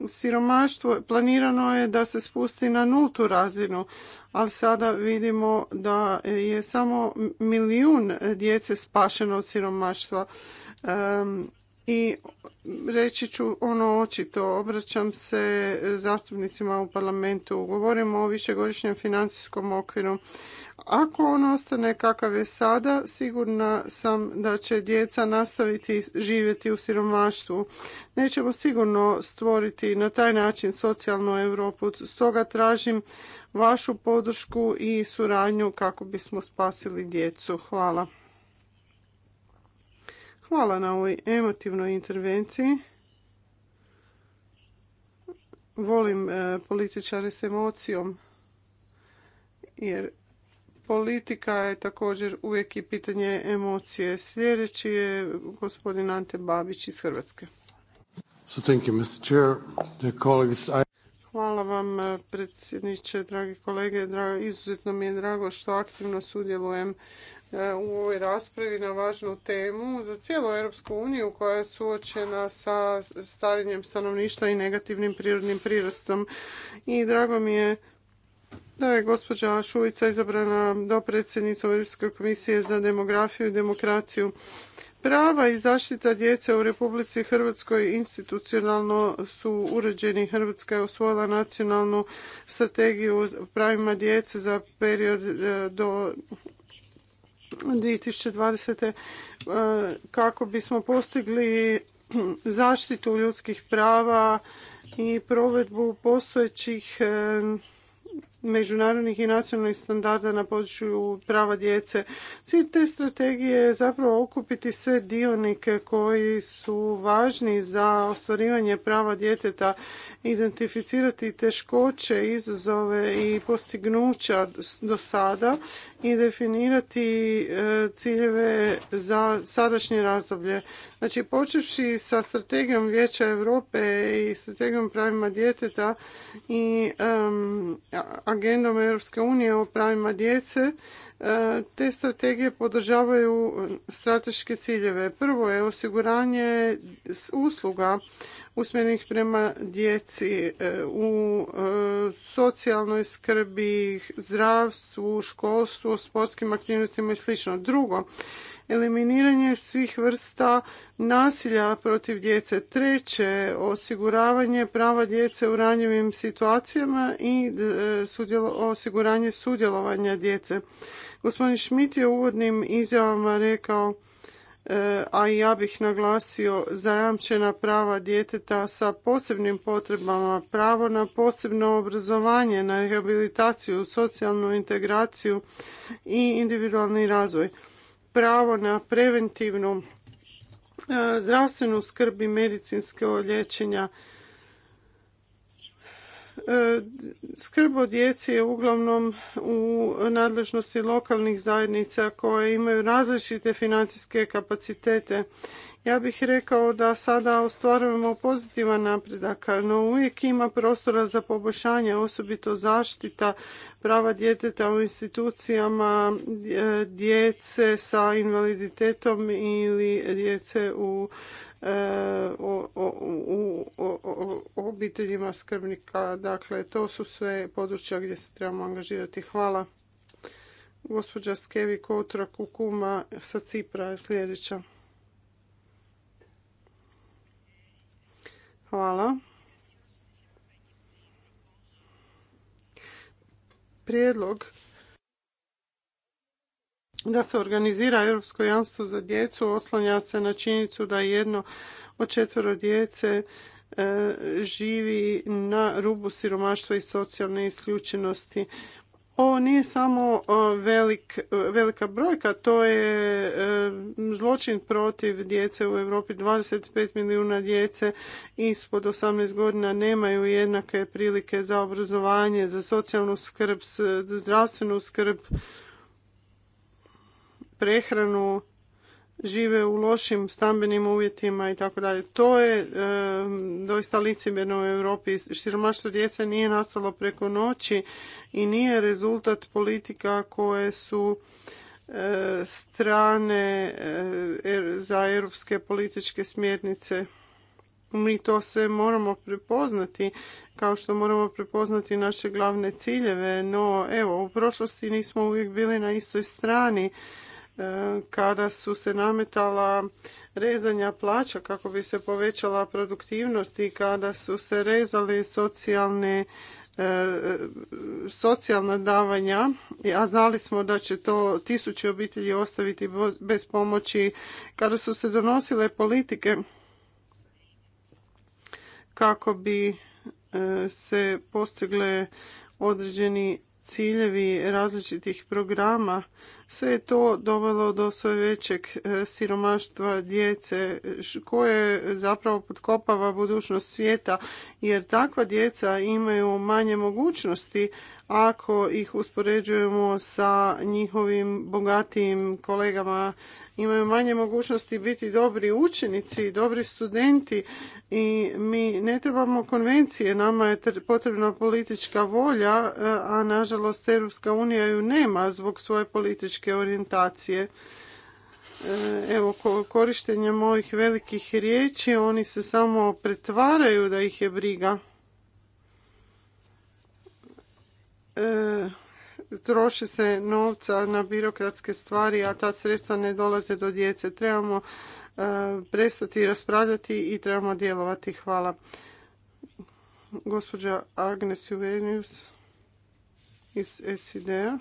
Siromaštvo planirano je da se spusti na nultu razinu, ali sada vidimo da je samo milijun djece spašeno od siromaštva i reći ću ono očito, obraćam se zastupnicima u parlamentu, govorimo o višegodišnjem financijskom okviru. Ako on ostane kakav je sada, sigurna sam da će djeca nastaviti živjeti u siromaštvu. Nećemo sigurno stvoriti na taj način socijalnu Europu. Stoga tražim vašu podršku i suradnju kako bismo spasili djecu. Hvala. Hvala na ovoj emotivnoj intervenciji. Volim e, političare s emocijom jer politika je također uvijek i pitanje emocije. Sljedeći je gospodin Ante Babić iz Hrvatske. Hvala vam e, predsjedniče, dragi kolege. Izuzetno mi je drago što aktivno sudjelujem E, u ovoj raspravi na važnu temu za cijelu Europsku uniju koja je suočena sa starenjem stanovništva i negativnim prirodnim prirastom. I drago mi je da je gospođa Šuica izabrana predsjednica Europske komisije za demografiju i demokraciju. Prava i zaštita djece u Republici Hrvatskoj institucionalno su uređeni. Hrvatska je osvojila nacionalnu strategiju pravima djece za period e, do 2020. E, kako bismo postigli zaštitu ljudskih prava i provedbu postojećih e, međunarodnih i nacionalnih standarda na području prava djece. Cilj te strategije je zapravo okupiti sve dionike koji su važni za ostvarivanje prava djeteta, identificirati teškoće, izazove i postignuća do sada i definirati e, ciljeve za sadašnje razdoblje. Znači, počevši sa strategijom Vijeća Europe i strategijom pravima djeteta i agendom Europske unije o pravima djece, E, te strategije podržavaju strateške ciljeve. Prvo je osiguranje usluga usmjerenih prema djeci e, u e, socijalnoj skrbi, zdravstvu, školstvu, sportskim aktivnostima i sl. Drugo, eliminiranje svih vrsta nasilja protiv djece. Treće, osiguravanje prava djece u ranjivim situacijama i e, osiguranje sudjelovanja djece. Gospodin Šmit je u uvodnim izjavama rekao e, a i ja bih naglasio zajamčena prava djeteta sa posebnim potrebama, pravo na posebno obrazovanje, na rehabilitaciju, socijalnu integraciju i individualni razvoj pravo na preventivnu e, zdravstvenu skrb i medicinske liječenja. E, skrb o djeci je uglavnom u nadležnosti lokalnih zajednica koje imaju različite financijske kapacitete ja bih rekao da sada ostvarujemo pozitivan napredak, no uvijek ima prostora za poboljšanje, osobito zaštita prava djeteta u institucijama e, djece sa invaliditetom ili djece u e, u obiteljima skrbnika. Dakle, to su sve područja gdje se trebamo angažirati. Hvala. Gospođa Skevi Kotra Kukuma sa Cipra je sljedeća. Hvala. Prijedlog da se organizira europsko jamstvo za djecu oslanja se na činjenicu da jedno od četvero djece e, živi na rubu siromaštva i socijalne isključenosti ovo nije samo velik, velika brojka, to je e, zločin protiv djece u Europi. 25 milijuna djece ispod 18 godina nemaju jednake prilike za obrazovanje, za socijalnu skrb, zdravstvenu skrb, prehranu žive u lošim stambenim uvjetima i tako dalje. To je e, doista licemjerno u Europi. Siromaštvo djece nije nastalo preko noći i nije rezultat politika koje su e, strane e, er, za europske političke smjernice. Mi to sve moramo prepoznati, kao što moramo prepoznati naše glavne ciljeve, no evo, u prošlosti nismo uvijek bili na istoj strani E, kada su se nametala rezanja plaća kako bi se povećala produktivnost i kada su se rezali socijalne e, socijalna davanja, a znali smo da će to tisuće obitelji ostaviti bez pomoći, kada su se donosile politike kako bi e, se postigle određeni ciljevi različitih programa, sve je to dovelo do sve većeg e, siromaštva djece koje zapravo podkopava budućnost svijeta jer takva djeca imaju manje mogućnosti ako ih uspoređujemo sa njihovim bogatijim kolegama imaju manje mogućnosti biti dobri učenici i dobri studenti i mi ne trebamo konvencije, nama je potrebna politička volja, e, a nažalost Europska unija ju nema zbog svoje političke orijentacije. E, evo, korištenjem ovih velikih riječi oni se samo pretvaraju da ih je briga. E, troši se novca na birokratske stvari, a ta sredstva ne dolaze do djece. Trebamo e, prestati raspravljati i trebamo djelovati. Hvala. Gospođa Agnes Juvenius iz SID-a,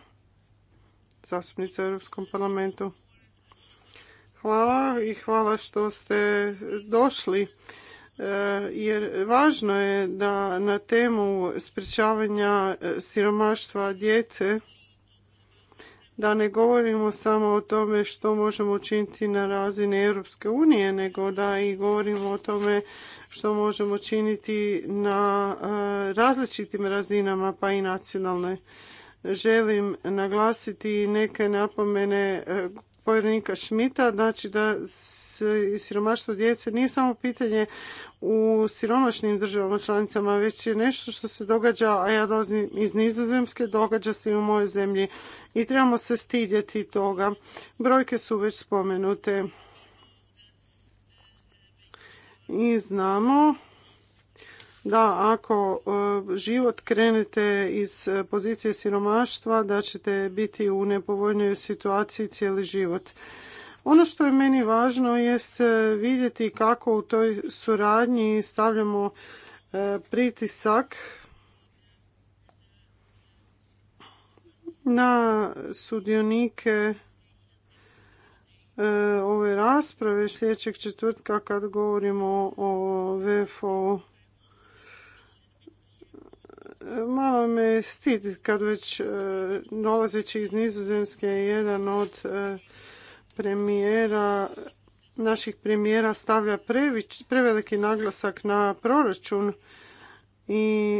zastupnica u Europskom parlamentu. Hvala i hvala što ste došli E, jer važno je da na temu sprječavanja e, siromaštva djece da ne govorimo samo o tome što možemo učiniti na razini Europske unije, nego da i govorimo o tome što možemo činiti na e, različitim razinama, pa i nacionalne. Želim naglasiti neke napomene povjerenika Šmita, znači da siromaštvo djece nije samo pitanje u siromašnim državama članicama, već je nešto što se događa, a ja dolazim iz Nizozemske, događa se i u mojoj zemlji i trebamo se stidjeti toga. Brojke su već spomenute. I znamo da ako e, život krenete iz pozicije siromaštva da ćete biti u nepovoljnoj situaciji cijeli život. Ono što je meni važno jest e, vidjeti kako u toj suradnji stavljamo e, pritisak na sudionike e, ove rasprave sljedećeg četvrtka kad govorimo o VFO. Malo me stid kad već dolazeći iz Nizozemske jedan od premijera naših premijera stavlja preveliki naglasak na proračun i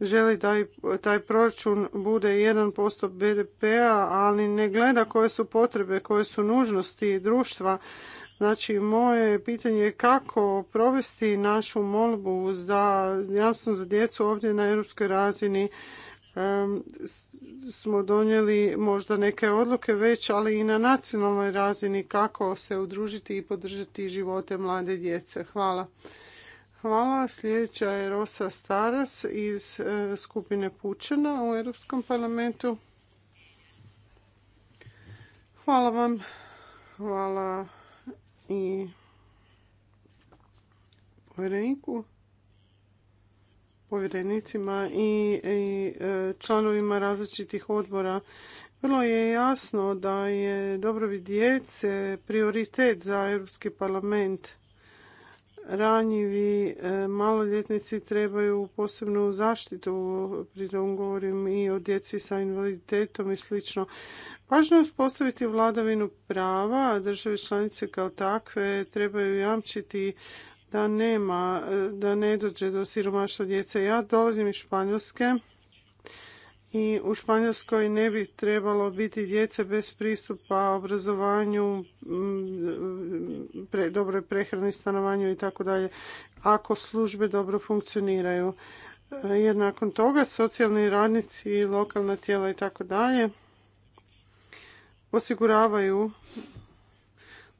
želi da taj proračun bude 1% BDP-a, ali ne gleda koje su potrebe, koje su nužnosti društva. Znači, moje pitanje je kako provesti našu molbu za jamstvo za djecu ovdje na europskoj razini smo donijeli možda neke odluke već, ali i na nacionalnoj razini kako se udružiti i podržati živote mlade djece. Hvala. Hvala. Sljedeća je Rosa Staras iz e, skupine Pučana u Europskom parlamentu. Hvala vam. Hvala i povjereniku povjerenicima i e, članovima različitih odbora. Vrlo je jasno da je dobrobit djece prioritet za Europski parlament. Ranjivi e, maloljetnici trebaju posebnu zaštitu, tom govorim i o djeci sa invaliditetom i slično. Važno je uspostaviti vladavinu prava, države članice kao takve trebaju jamčiti da nema, da ne dođe do siromaštva djece. Ja dolazim iz Španjolske i u Španjolskoj ne bi trebalo biti djece bez pristupa obrazovanju, pre, dobroj prehrani, stanovanju i tako dalje, ako službe dobro funkcioniraju. Jer nakon toga socijalni radnici, lokalna tijela i tako dalje osiguravaju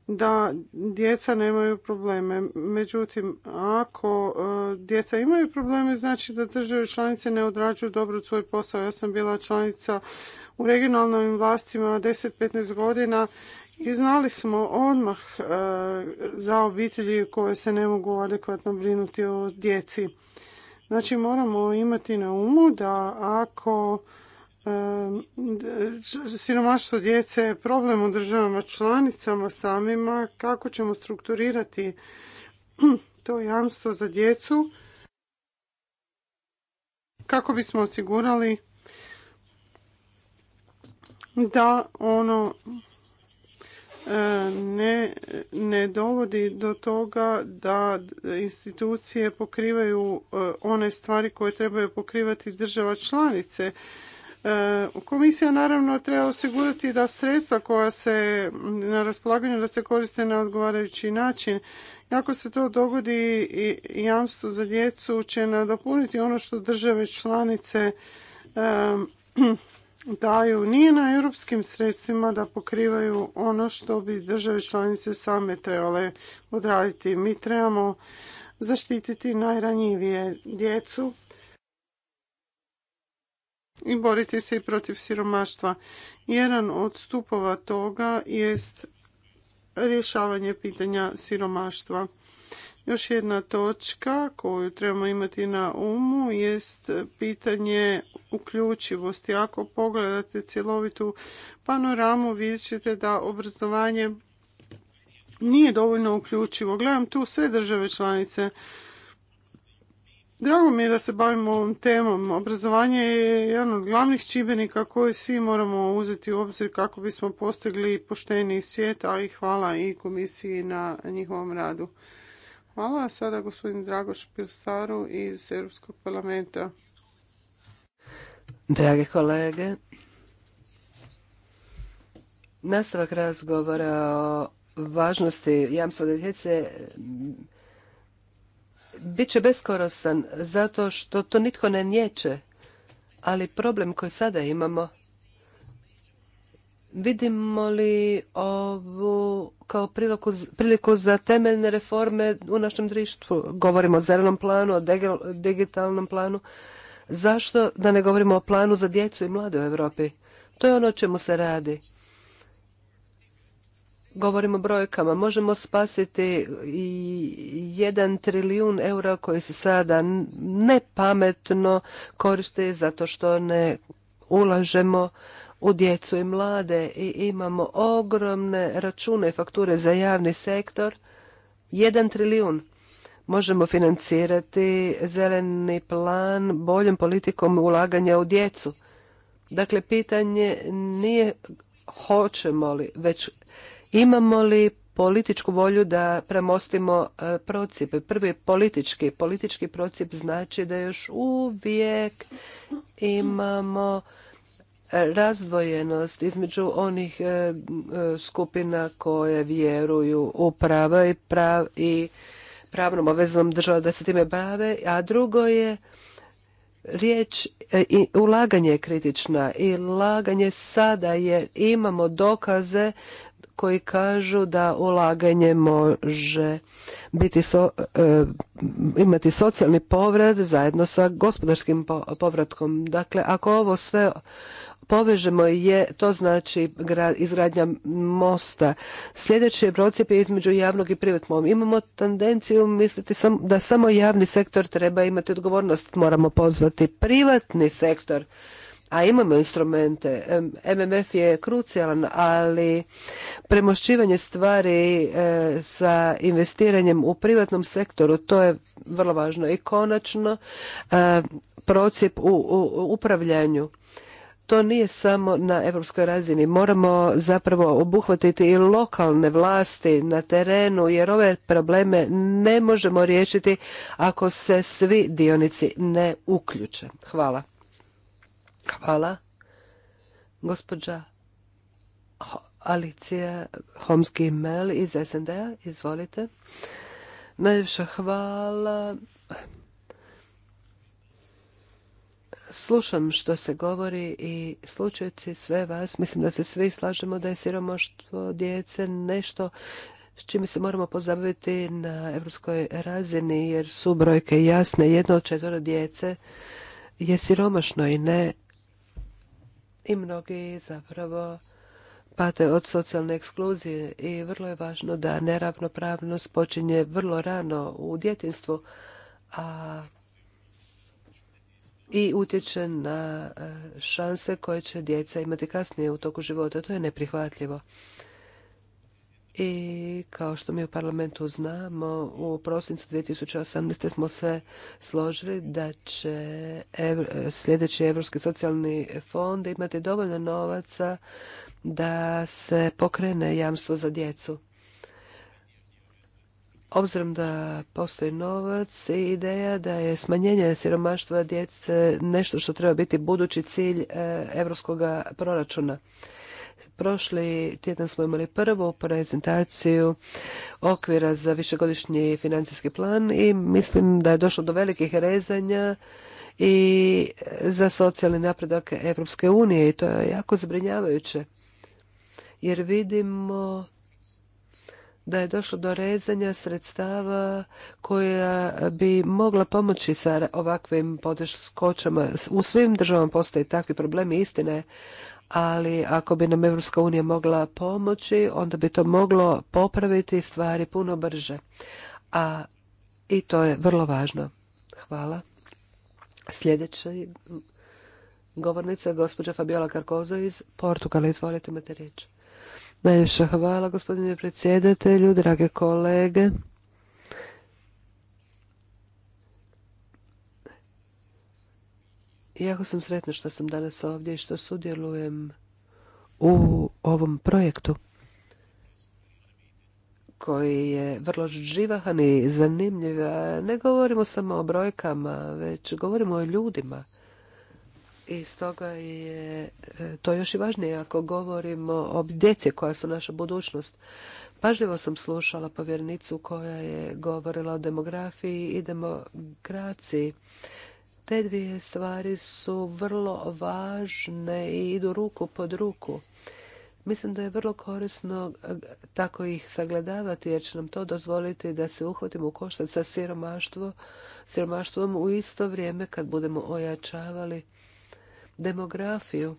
da djeca nemaju probleme. Međutim, ako e, djeca imaju probleme, znači da države članice ne odrađuju dobro svoj posao. Ja sam bila članica u regionalnim vlastima 10-15 godina i znali smo odmah e, za obitelji koje se ne mogu adekvatno brinuti o djeci. Znači moramo imati na umu da ako Ehm, siromaštvo djece je problem u državama članicama samima, kako ćemo strukturirati to jamstvo za djecu, kako bismo osigurali da ono ehm, ne, ne dovodi do toga da institucije pokrivaju ehm, one stvari koje trebaju pokrivati država članice E, komisija naravno treba osigurati da sredstva koja se na raspolaganju da se koriste na odgovarajući način. Ako se to dogodi, jamstvo za djecu će nadopuniti ono što države članice e, daju. Nije na europskim sredstvima da pokrivaju ono što bi države članice same trebale odraditi. Mi trebamo zaštititi najranjivije djecu i boriti se i protiv siromaštva. Jedan od stupova toga jest rješavanje pitanja siromaštva. Još jedna točka koju trebamo imati na umu jest pitanje uključivosti. Ako pogledate cjelovitu panoramu vidjet ćete da obrazovanje nije dovoljno uključivo. Gledam tu sve države članice Drago mi je da se bavimo ovom temom. Obrazovanje je jedan od glavnih čibenika koji svi moramo uzeti u obzir kako bismo postigli pošteniji svijet, ali hvala i komisiji na njihovom radu. Hvala sada gospodin Dragoš Pilsaru iz Europskog parlamenta. Drage kolege, nastavak razgovora o važnosti jamstva djece bit će beskorosan zato što to nitko ne nječe. Ali problem koji sada imamo, vidimo li ovu kao priliku, priliku za temeljne reforme u našem društvu? Govorimo o zelenom planu, o digitalnom planu. Zašto da ne govorimo o planu za djecu i mlade u Europi? To je ono o čemu se radi govorimo brojkama, možemo spasiti i jedan trilijun eura koji se sada nepametno koristi zato što ne ulažemo u djecu i mlade i imamo ogromne račune i fakture za javni sektor. Jedan trilijun možemo financirati zeleni plan boljom politikom ulaganja u djecu. Dakle, pitanje nije hoćemo li, već Imamo li političku volju da premostimo e, procip? Prvi politički. Politički procip znači da još uvijek imamo razdvojenost između onih e, skupina koje vjeruju u pravo i, prav, i pravnom obvezom država da se time bave, a drugo je riječ e, i ulaganje je kritična i ulaganje sada jer imamo dokaze koji kažu da ulaganje može biti so, e, imati socijalni povrat zajedno sa gospodarskim povratkom. Dakle, ako ovo sve povežemo je, to znači izgradnja mosta. Sljedeći je između javnog i privatnog. Imamo tendenciju misliti sam, da samo javni sektor treba imati odgovornost. Moramo pozvati privatni sektor a imamo instrumente. MMF je krucijalan, ali premošćivanje stvari e, sa investiranjem u privatnom sektoru, to je vrlo važno. I konačno, e, procijep u upravljanju to nije samo na europskoj razini. Moramo zapravo obuhvatiti i lokalne vlasti na terenu, jer ove probleme ne možemo riješiti ako se svi dionici ne uključe. Hvala. Hvala. Gospođa Alicija Homski-Mel iz SND-a, izvolite. Najljepša hvala. Slušam što se govori i slučajci sve vas. Mislim da se svi slažemo da je siromaštvo djece nešto s čime se moramo pozabaviti na evropskoj razini jer su brojke jasne. Jedno od četvora djece je siromašno i ne i mnogi zapravo pate od socijalne ekskluzije i vrlo je važno da neravnopravnost počinje vrlo rano u djetinstvu a i utječe na e, šanse koje će djeca imati kasnije u toku života. To je neprihvatljivo i kao što mi u parlamentu znamo, u prosincu 2018. smo se složili da će sljedeći Europski socijalni fond imati dovoljno novaca da se pokrene jamstvo za djecu. Obzirom da postoji novac i ideja da je smanjenje siromaštva djece nešto što treba biti budući cilj europskog eh, proračuna. Prošli tjedan smo imali prvu prezentaciju okvira za višegodišnji financijski plan i mislim da je došlo do velikih rezanja i za socijalni napredak Europske unije i to je jako zabrinjavajuće jer vidimo da je došlo do rezanja sredstava koja bi mogla pomoći sa ovakvim poteškoćama. U svim državama postoje takvi problemi, istina je, ali ako bi nam Europska unija mogla pomoći, onda bi to moglo popraviti stvari puno brže. A i to je vrlo važno. Hvala. Sljedeća govornica je gospođa Fabiola Karkoza iz Portugala. Izvolite, imate riječ. Najljepša hvala, gospodine predsjedatelju, drage kolege. Jako sam sretna što sam danas ovdje i što sudjelujem u ovom projektu koji je vrlo živahan i zanimljiv. Ne govorimo samo o brojkama, već govorimo o ljudima. I stoga je e, to još i važnije ako govorimo o djeci koja su naša budućnost. Pažljivo sam slušala povjernicu koja je govorila o demografiji i demokraciji. Te dvije stvari su vrlo važne i idu ruku pod ruku. Mislim da je vrlo korisno e, tako ih sagledavati jer će nam to dozvoliti da se uhvatimo u koštac sa siromaštvo, siromaštvom u isto vrijeme kad budemo ojačavali demografiju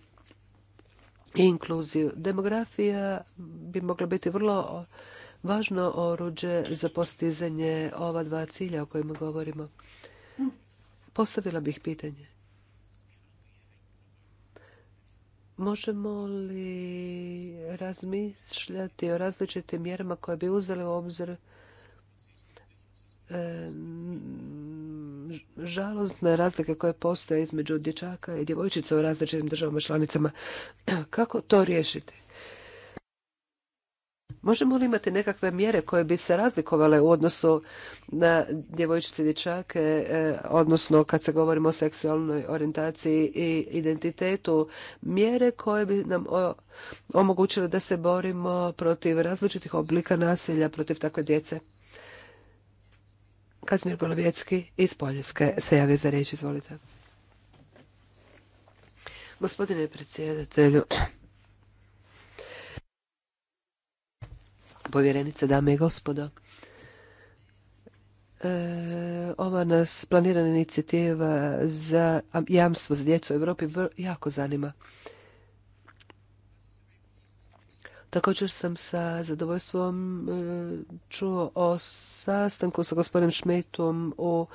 i inkluziju. Demografija bi mogla biti vrlo važno oruđe za postizanje ova dva cilja o kojima govorimo. Postavila bih pitanje. Možemo li razmišljati o različitim mjerama koje bi uzeli u obzir e, žalostne razlike koje postoje između dječaka i djevojčica u različitim državama članicama. Kako to riješiti? Možemo li imati nekakve mjere koje bi se razlikovale u odnosu na djevojčice i dječake, e, odnosno kad se govorimo o seksualnoj orijentaciji i identitetu, mjere koje bi nam omogućile da se borimo protiv različitih oblika nasilja protiv takve djece? Kazimir Golovjecki iz Poljske se javio za riječ, izvolite. Gospodine predsjedatelju, povjerenice, dame i gospodo. E, ova nas planirana inicijativa za jamstvo za djecu u Europi jako zanima. Također sam sa zadovoljstvom e, čuo o sastanku sa gospodinom Šmetom u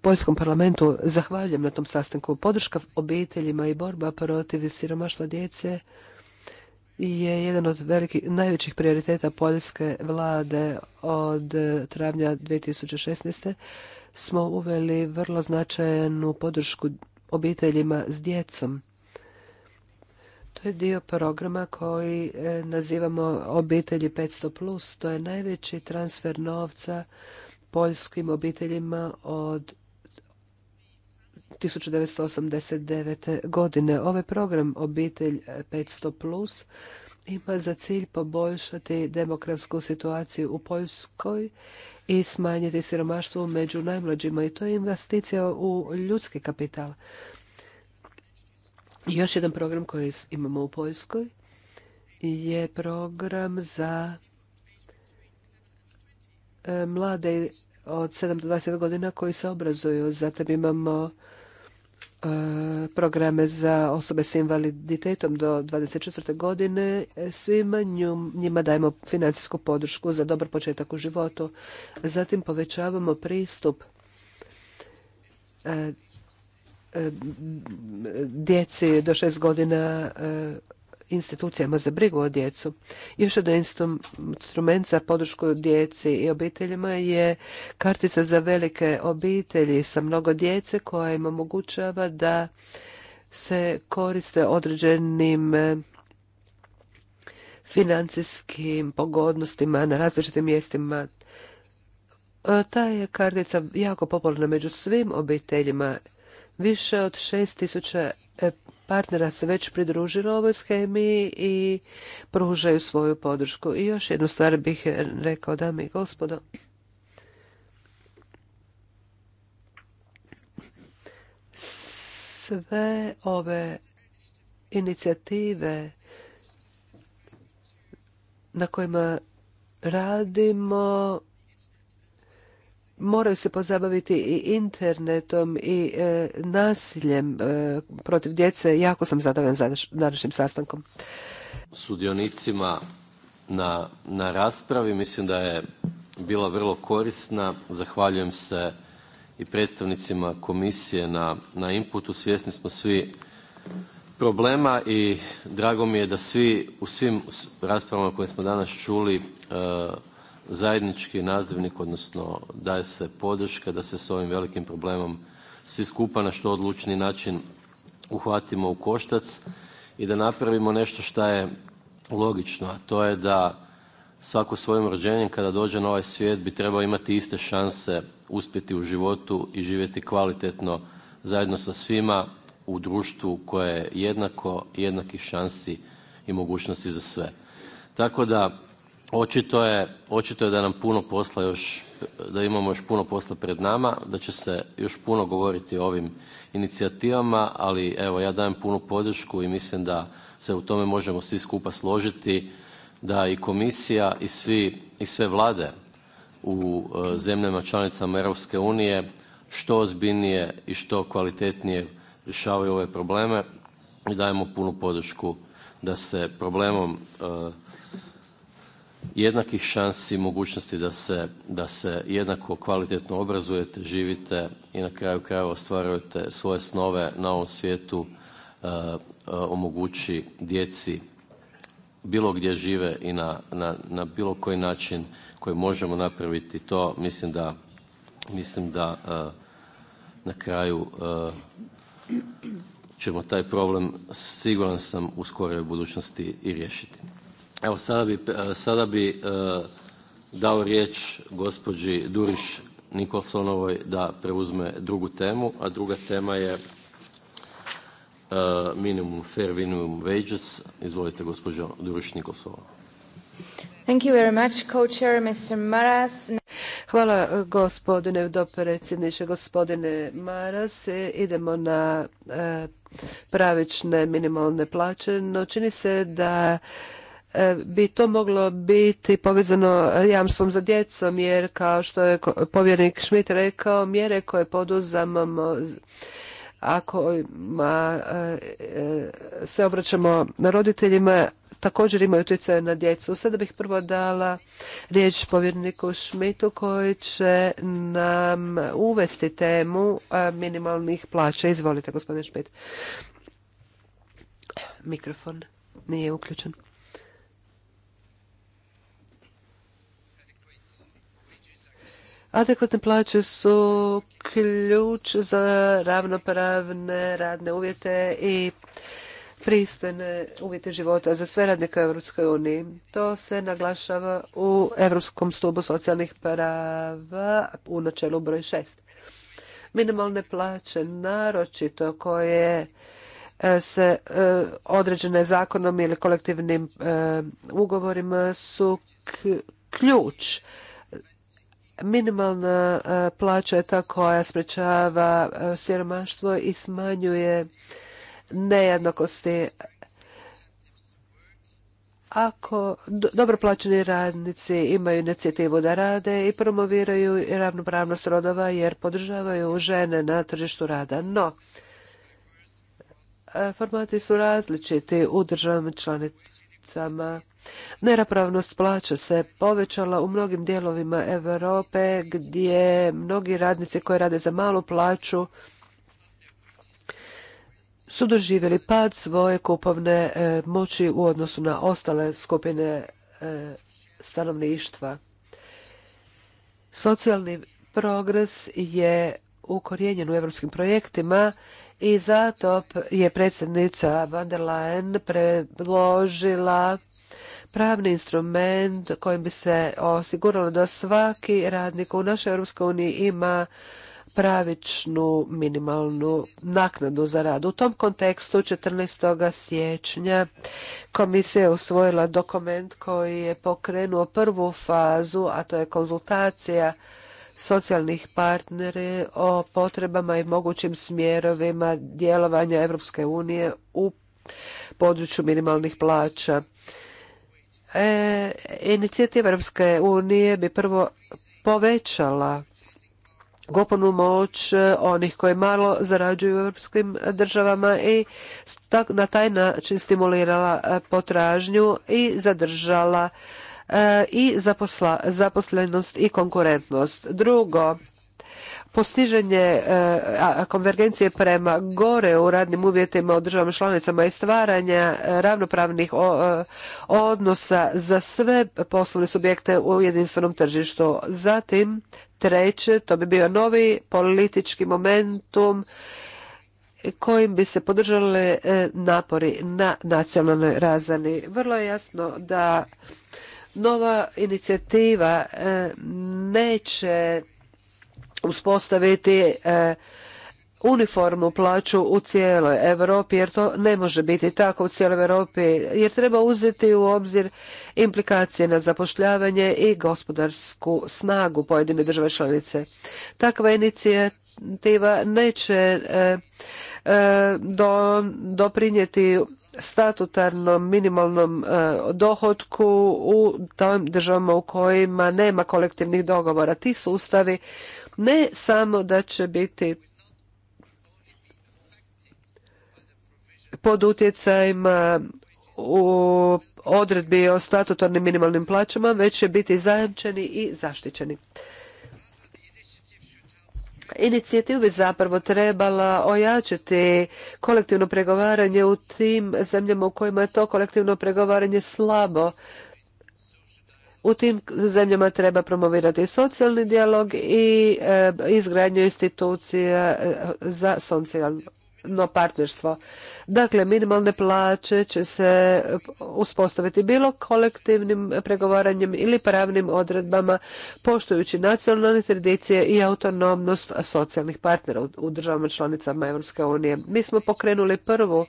Poljskom parlamentu. Zahvaljujem na tom sastanku. Podrška obiteljima i borba protiv siromaštva djece je jedan od veliki, najvećih prioriteta poljske vlade od e, travnja 2016. smo uveli vrlo značajnu podršku obiteljima s djecom. To je dio programa koji e, nazivamo obitelji 500+. To je najveći transfer novca poljskim obiteljima od 1989. godine. Ovaj program Obitelj 500 plus ima za cilj poboljšati demografsku situaciju u Poljskoj i smanjiti siromaštvo među najmlađima i to je investicija u ljudski kapital. Još jedan program koji imamo u Poljskoj je program za e, mlade od 7 do 20 godina koji se obrazuju. Zatim imamo programe za osobe s invaliditetom do 24. godine. Svima njima dajemo financijsku podršku za dobar početak u životu. Zatim povećavamo pristup e, e, djeci do šest godina e, institucijama za brigu o djecu. Još jedan instrument za podršku djeci i obiteljima je kartica za velike obitelji sa mnogo djece koja im omogućava da se koriste određenim e, financijskim pogodnostima na različitim mjestima. E, ta je kartica jako popularna među svim obiteljima. Više od 6000 partnera se već pridružilo ovoj schemi i pružaju svoju podršku. I još jednu stvar bih rekao, dame i gospodo. Sve ove inicijative na kojima radimo moraju se pozabaviti i internetom i e, nasiljem e, protiv djece. Jako sam zadovoljan današnjim sastankom. Sudionicima na, na raspravi mislim da je bila vrlo korisna. Zahvaljujem se i predstavnicima komisije na, na inputu. Svjesni smo svi problema i drago mi je da svi u svim raspravama koje smo danas čuli e, zajednički nazivnik odnosno daje se podrška da se s ovim velikim problemom svi skupa na što odlučniji način uhvatimo u koštac i da napravimo nešto šta je logično, a to je da svako svojim rođenjem kada dođe na ovaj svijet bi trebao imati iste šanse uspjeti u životu i živjeti kvalitetno zajedno sa svima u društvu koje je jednako, jednakih šansi i mogućnosti za sve. Tako da očito je da nam puno posla još, da imamo još puno posla pred nama, da će se još puno govoriti o ovim inicijativama, ali evo ja dajem punu podršku i mislim da se u tome možemo svi skupa složiti da i komisija i svi i sve vlade u e, zemljama članicama EU što ozbiljnije i što kvalitetnije rješavaju ove probleme i dajemo punu podršku da se problemom e, jednakih šansi i mogućnosti da se jednako kvalitetno obrazujete, živite i na kraju krajeva ostvarujete svoje snove na ovom svijetu e, omogući djeci bilo gdje žive i na bilo koji način koji možemo napraviti to mislim da e, na kraju e, ćemo taj problem siguran sam u skoroj budućnosti i riješiti. Evo sada bi e, e, dao riječ gospođi Duriš Nikolsonovoj da preuzme drugu temu, a druga tema je e, minimum fair minimum wages. Izvolite gospođo Duriš Nikolsonova. Thank you very much, co-chair Mr. Maras. Hvala gospodine dopredsjedniče, gospodine Maras. Idemo na pravične minimalne plaće, no čini se da bi to moglo biti povezano jamstvom za djecom jer kao što je povjernik Schmidt rekao mjere koje poduzamamo ako e, e, se obraćamo na roditeljima također imaju utjecaj na djecu. Sada bih prvo dala riječ povjerniku Šmitu koji će nam uvesti temu e, minimalnih plaća. Izvolite, gospodine Šmit. Mikrofon nije uključen. Adekvatne plaće su ključ za ravnopravne radne uvjete i pristojne uvjete života za sve radnike u Europskoj uniji. To se naglašava u Europskom stubu socijalnih prava u načelu broj 6. Minimalne plaće naročito koje e, se e, određene zakonom ili kolektivnim e, ugovorima su ključ Minimalna e, plaća je ta koja sprečava e, siromaštvo i smanjuje nejednakosti. Ako dobro plaćeni radnici imaju inicijativu da rade i promoviraju ravnopravnost rodova jer podržavaju žene na tržištu rada. No, e, formati su različiti u državama članicama Nerapravnost plaća se povećala u mnogim dijelovima Europe gdje mnogi radnici koji rade za malu plaću su doživjeli pad svoje kupovne e, moći u odnosu na ostale skupine e, stanovništva. Socijalni progres je ukorijenjen u europskim projektima i zato je predsjednica von der Leyen predložila pravni instrument kojim bi se osiguralo da svaki radnik u našoj EU ima pravičnu minimalnu naknadu za rad. U tom kontekstu 14. siječnja komisija je usvojila dokument koji je pokrenuo prvu fazu, a to je konzultacija socijalnih partnere o potrebama i mogućim smjerovima djelovanja Europske unije u području minimalnih plaća. E, inicijativa Europske unije bi prvo povećala goponu moć onih koji malo zarađuju u europskim državama i na taj način stimulirala e, potražnju i zadržala E, i zaposlenost i konkurentnost. Drugo, postiženje e, konvergencije prema gore u radnim uvjetima u državama članicama i stvaranja ravnopravnih e, odnosa za sve poslovne subjekte u jedinstvenom tržištu. Zatim, treće, to bi bio novi politički momentum kojim bi se podržale napori na nacionalnoj razini. Vrlo je jasno da Nova inicijativa e, neće uspostaviti e, uniformnu plaću u cijeloj Europi jer to ne može biti tako u cijeloj Europi jer treba uzeti u obzir implikacije na zapošljavanje i gospodarsku snagu pojedine države članice. Takva inicijativa neće e, doprinijeti statutarnom minimalnom e, dohotku u tom državama u kojima nema kolektivnih dogovora. Ti sustavi ne samo da će biti pod utjecajima u odredbi o statutarnim minimalnim plaćama, već će biti zajamčeni i zaštićeni inicijativu bi zapravo trebala ojačati kolektivno pregovaranje u tim zemljama u kojima je to kolektivno pregovaranje slabo. U tim zemljama treba promovirati socijalni dijalog i e, izgradnju institucija e, za socijalno partnerstvo. Dakle, minimalne plaće će se uspostaviti bilo kolektivnim pregovaranjem ili pravnim odredbama poštujući nacionalne tradicije i autonomnost socijalnih partnera u državama članicama EU. unije. Mi smo pokrenuli prvu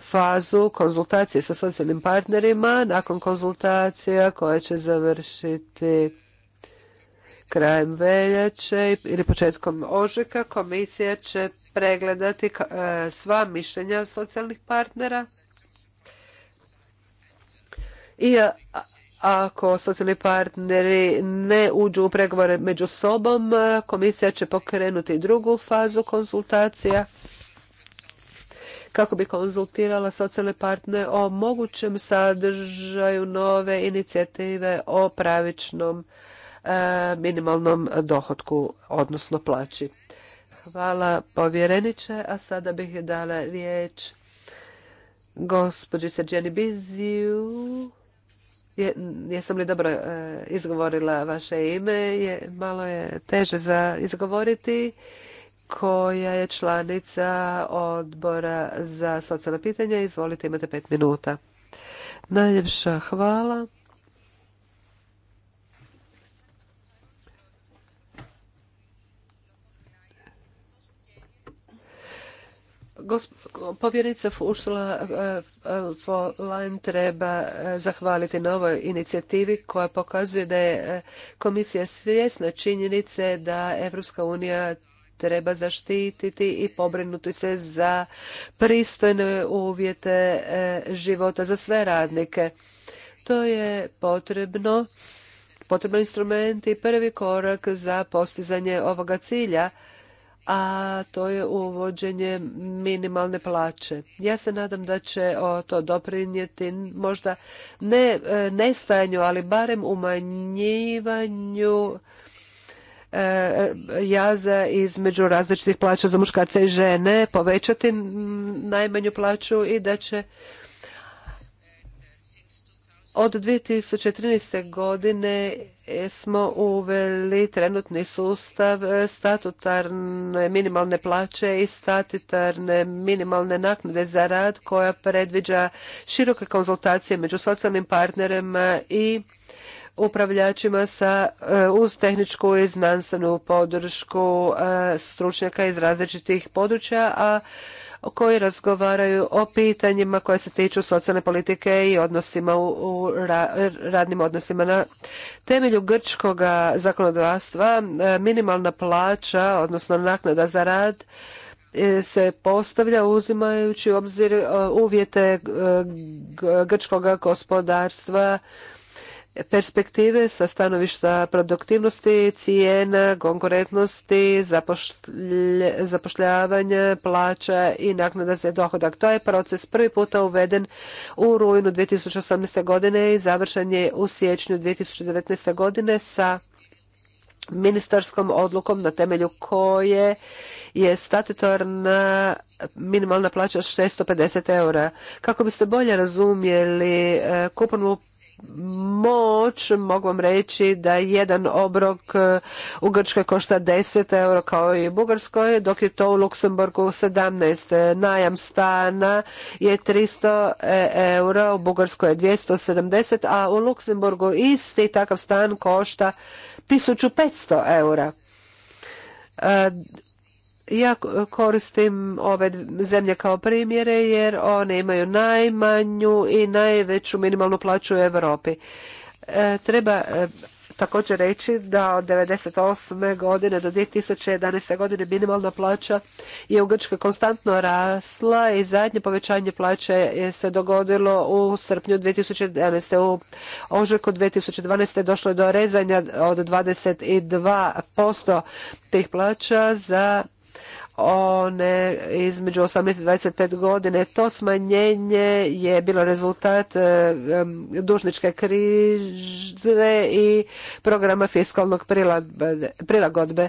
fazu konzultacije sa socijalnim partnerima nakon konzultacija koja će završiti Krajem veljače ili početkom ožujka komisija će pregledati e, sva mišljenja socijalnih partnera i ako socijalni partneri ne uđu u pregovore među sobom, komisija će pokrenuti drugu fazu konsultacija kako bi konzultirala socijalne partnere o mogućem sadržaju nove inicijative o pravičnom E, minimalnom dohodku, odnosno plaći. Hvala povjereniče, a sada bih dala riječ gospođi Srđeni Biziju. jesam li dobro e, izgovorila vaše ime? Je, malo je teže za izgovoriti koja je članica odbora za socijalna pitanja. Izvolite, imate pet minuta. Najljepša hvala. Povjerenica Ursula e, von Leyen treba e, zahvaliti na ovoj inicijativi koja pokazuje da je e, komisija svjesna činjenice da Evropska unija treba zaštititi i pobrinuti se za pristojne uvjete života za sve radnike. To je potrebno, potreban instrument i prvi korak za postizanje ovoga cilja – a to je uvođenje minimalne plaće. Ja se nadam da će to doprinijeti možda ne e, nestajanju, ali barem umanjivanju e, jaza između različitih plaća za muškarce i žene, povećati najmanju plaću i da će od 2013. godine smo uveli trenutni sustav e, statutarne minimalne plaće i statutarne minimalne naknade za rad koja predviđa široke konzultacije među socijalnim partnerima i upravljačima sa, e, uz tehničku i znanstvenu podršku e, stručnjaka iz različitih područja, a koji razgovaraju o pitanjima koja se tiču socijalne politike i odnosima u, radnim odnosima. Na temelju grčkog zakonodavstva e, minimalna plaća, odnosno naknada za rad, e, se postavlja uzimajući u obzir e, uvjete grčkog gospodarstva perspektive sa stanovišta produktivnosti, cijena, konkurentnosti, zapošljavanja, plaća i naknada za dohodak. To je proces prvi puta uveden u rujnu 2018. godine i završen je u siječnju 2019. godine sa ministarskom odlukom na temelju koje je statutorna minimalna plaća 650 eura. Kako biste bolje razumjeli e, kupovnu moć, mogu vam reći da jedan obrok e, u Grčkoj košta 10 euro kao i u Bugarskoj, dok je to u Luksemburgu 17. Najam stana je 300 e, euro, u Bugarskoj je 270, a u Luksemburgu isti takav stan košta 1500 eura e, ja koristim ove zemlje kao primjere jer one imaju najmanju i najveću minimalnu plaću u Europi. E, treba e, također reći da od 1998. godine do 2011. godine minimalna plaća je u Grčkoj konstantno rasla i zadnje povećanje plaće se dogodilo u srpnju 2011. U ožujku 2012. došlo je do rezanja od 22% tih plaća za one između 18 i 25 godine. To smanjenje je bilo rezultat e, dužničke krize i programa fiskalnog prilagodbe.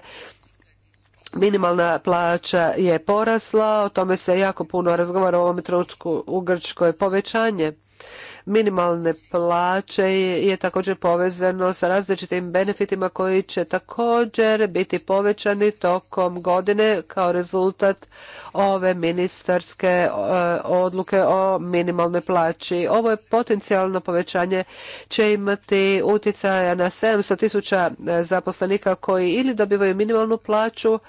Minimalna plaća je porasla, o tome se jako puno razgovara u ovom trenutku u Grčkoj. Povećanje minimalne plaće je također povezano sa različitim benefitima koji će također biti povećani tokom godine kao rezultat ove ministarske e, odluke o minimalnoj plaći. Ovo je potencijalno povećanje će imati utjecaja na 700 tisuća e, zaposlenika koji ili dobivaju minimalnu plaću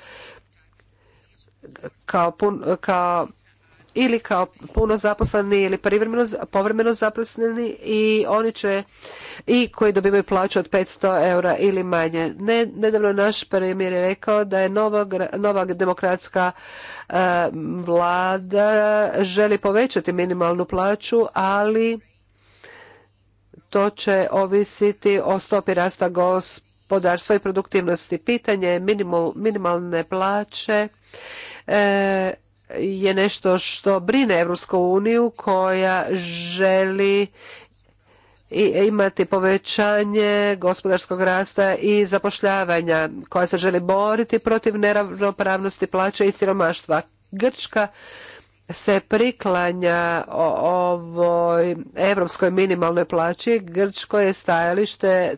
kao, kao ili kao puno zaposleni ili privremeno povremeno zaposleni i oni će i koji dobivaju plaću od 500 eura ili manje. Nedavno naš premijer je rekao da je nova, nova demokratska e, vlada želi povećati minimalnu plaću, ali to će ovisiti o stopi rasta gospodarstva i produktivnosti. Pitanje minimalne plaće e, je nešto što brine Europsku uniju koja želi i imati povećanje gospodarskog rasta i zapošljavanja koja se želi boriti protiv neravnopravnosti plaća i siromaštva. Grčka se priklanja ovoj europskoj minimalnoj plaći. Grčko je stajalište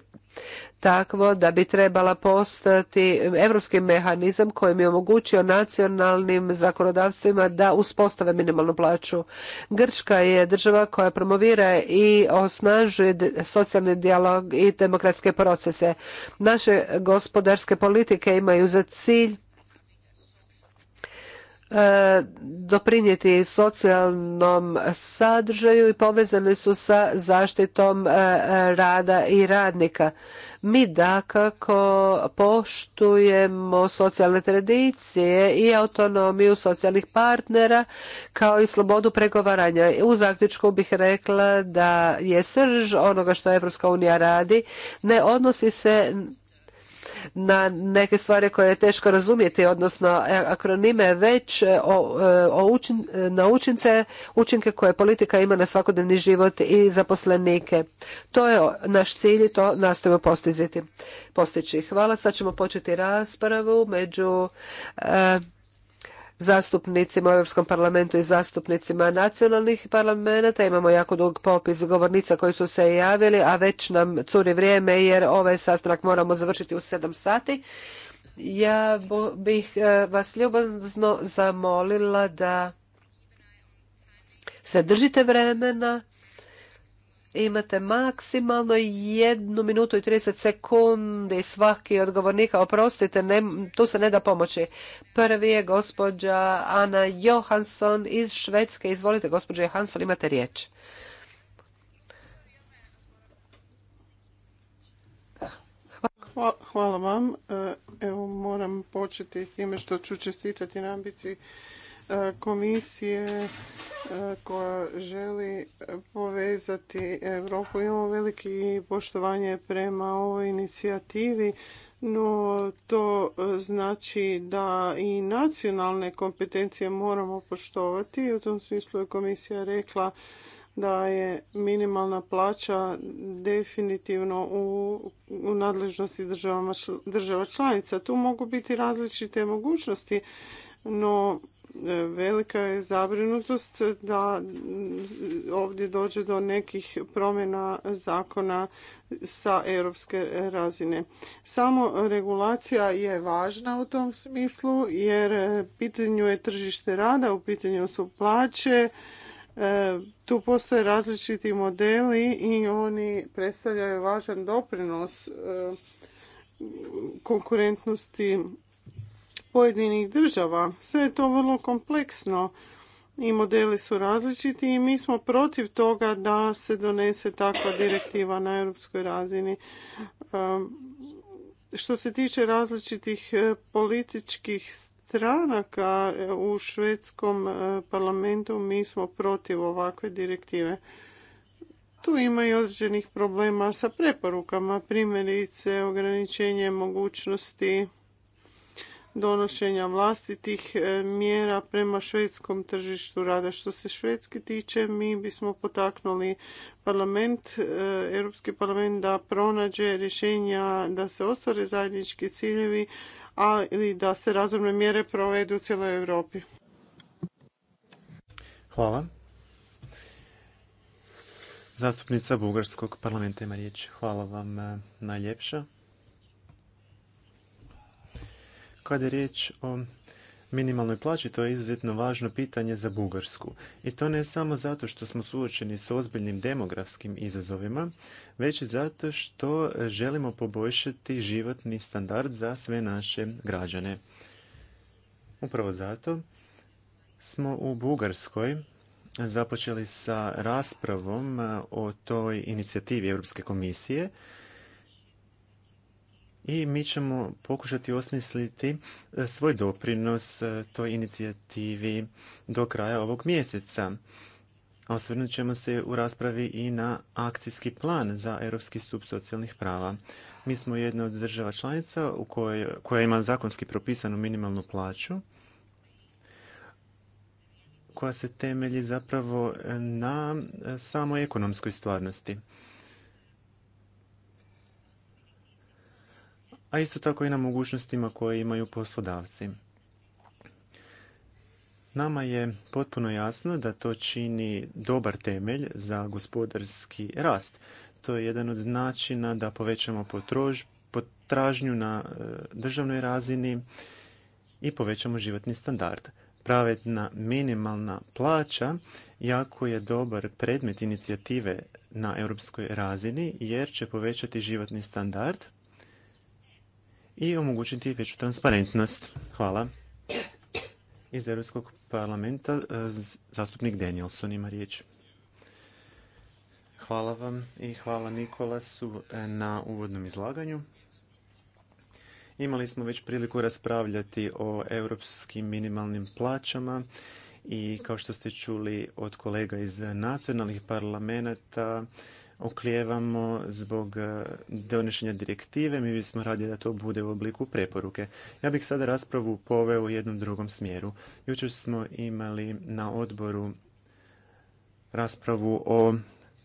takvo da bi trebala postati evropski mehanizam kojim je omogućio nacionalnim zakonodavstvima da uspostave minimalnu plaću. Grčka je država koja promovira i osnažuje socijalni dijalog i demokratske procese. Naše gospodarske politike imaju za cilj doprinijeti socijalnom sadržaju i povezani su sa zaštitom e, rada i radnika. Mi dakako poštujemo socijalne tradicije i autonomiju socijalnih partnera kao i slobodu pregovaranja. U zaključku bih rekla da je srž onoga što Evropska unija radi ne odnosi se na neke stvari koje je teško razumjeti, odnosno e, akronime, već e, o, e, o učin, na učince, učinke koje politika ima na svakodnevni život i zaposlenike. To je naš cilj i to nastavimo postiziti, postići. Hvala, sad ćemo početi raspravu među zastupnicima u Europskom parlamentu i zastupnicima nacionalnih parlamenta. Imamo jako dug popis govornica koji su se javili, a već nam curi vrijeme jer ovaj sastanak moramo završiti u 7 sati. Ja bih e, vas ljubazno zamolila da se držite vremena Imate maksimalno jednu minutu i 30 sekundi svaki odgovornika. Oprostite, ne, tu se ne da pomoći. Prvi je gospođa Ana Johansson iz Švedske. Izvolite, gospođa Johansson, imate riječ. Hvala, hvala vam. E, evo moram početi s time što ću čestitati na ambiciji komisije e, koja želi povezati Europu. Imamo veliki poštovanje prema ovoj inicijativi, no to znači da i nacionalne kompetencije moramo poštovati. U tom smislu je komisija rekla da je minimalna plaća definitivno u, nadležnosti država članica. Tu mogu biti različite mogućnosti, no velika je zabrinutost da ovdje dođe do nekih promjena zakona sa europske razine. Samo regulacija je važna u tom smislu jer pitanju je tržište rada, u pitanju su plaće, e, tu postoje različiti modeli i oni predstavljaju važan doprinos e, konkurentnosti pojedinih država. Sve je to vrlo kompleksno i modeli su različiti i mi smo protiv toga da se donese takva direktiva na europskoj razini. Ehm, što se tiče različitih e, političkih stranaka e, u švedskom e, parlamentu, mi smo protiv ovakve direktive. Tu ima i određenih problema sa preporukama, primjerice ograničenje mogućnosti donošenja vlastitih e, mjera prema švedskom tržištu rada. Što se švedski tiče, mi bismo potaknuli parlament, e, Europski parlament da pronađe rješenja da se ostvare zajednički ciljevi, a ili da se razumne mjere provedu u cijeloj Europi. Hvala. Zastupnica Bugarskog parlamenta ima riječ. Hvala vam e, najljepša. Kada je riječ o minimalnoj plaći, to je izuzetno važno pitanje za Bugarsku. I to ne samo zato što smo suočeni s ozbiljnim demografskim izazovima, već i zato što želimo poboljšati životni standard za sve naše građane. Upravo zato smo u Bugarskoj započeli sa raspravom e, o toj inicijativi Europske komisije i mi ćemo pokušati osmisliti e, svoj doprinos e, toj inicijativi do kraja ovog mjeseca. Osvrnut ćemo se u raspravi i na akcijski plan za Europski stup socijalnih prava. Mi smo jedna od država članica u kojoj, koja ima zakonski propisanu minimalnu plaću koja se temelji zapravo na e, samoj ekonomskoj stvarnosti. a isto tako i na mogućnostima koje imaju poslodavci. Nama je potpuno jasno da to čini dobar temelj za gospodarski rast. To je jedan od načina da povećamo potražnju na e, državnoj razini i povećamo životni standard. Pravedna minimalna plaća jako je dobar predmet inicijative na europskoj razini jer će povećati životni standard i omogućiti veću transparentnost. Hvala. Iz Europskog parlamenta e, zastupnik Danielson ima riječ. Hvala vam i hvala Nikolasu e, na uvodnom izlaganju. Imali smo već priliku raspravljati o europskim minimalnim plaćama i kao što ste čuli od kolega iz nacionalnih parlamenta, oklijevamo zbog e, donošenja direktive, mi bismo radili da to bude u obliku preporuke. Ja bih sada raspravu poveo u jednom drugom smjeru. Jučer smo imali na odboru raspravu o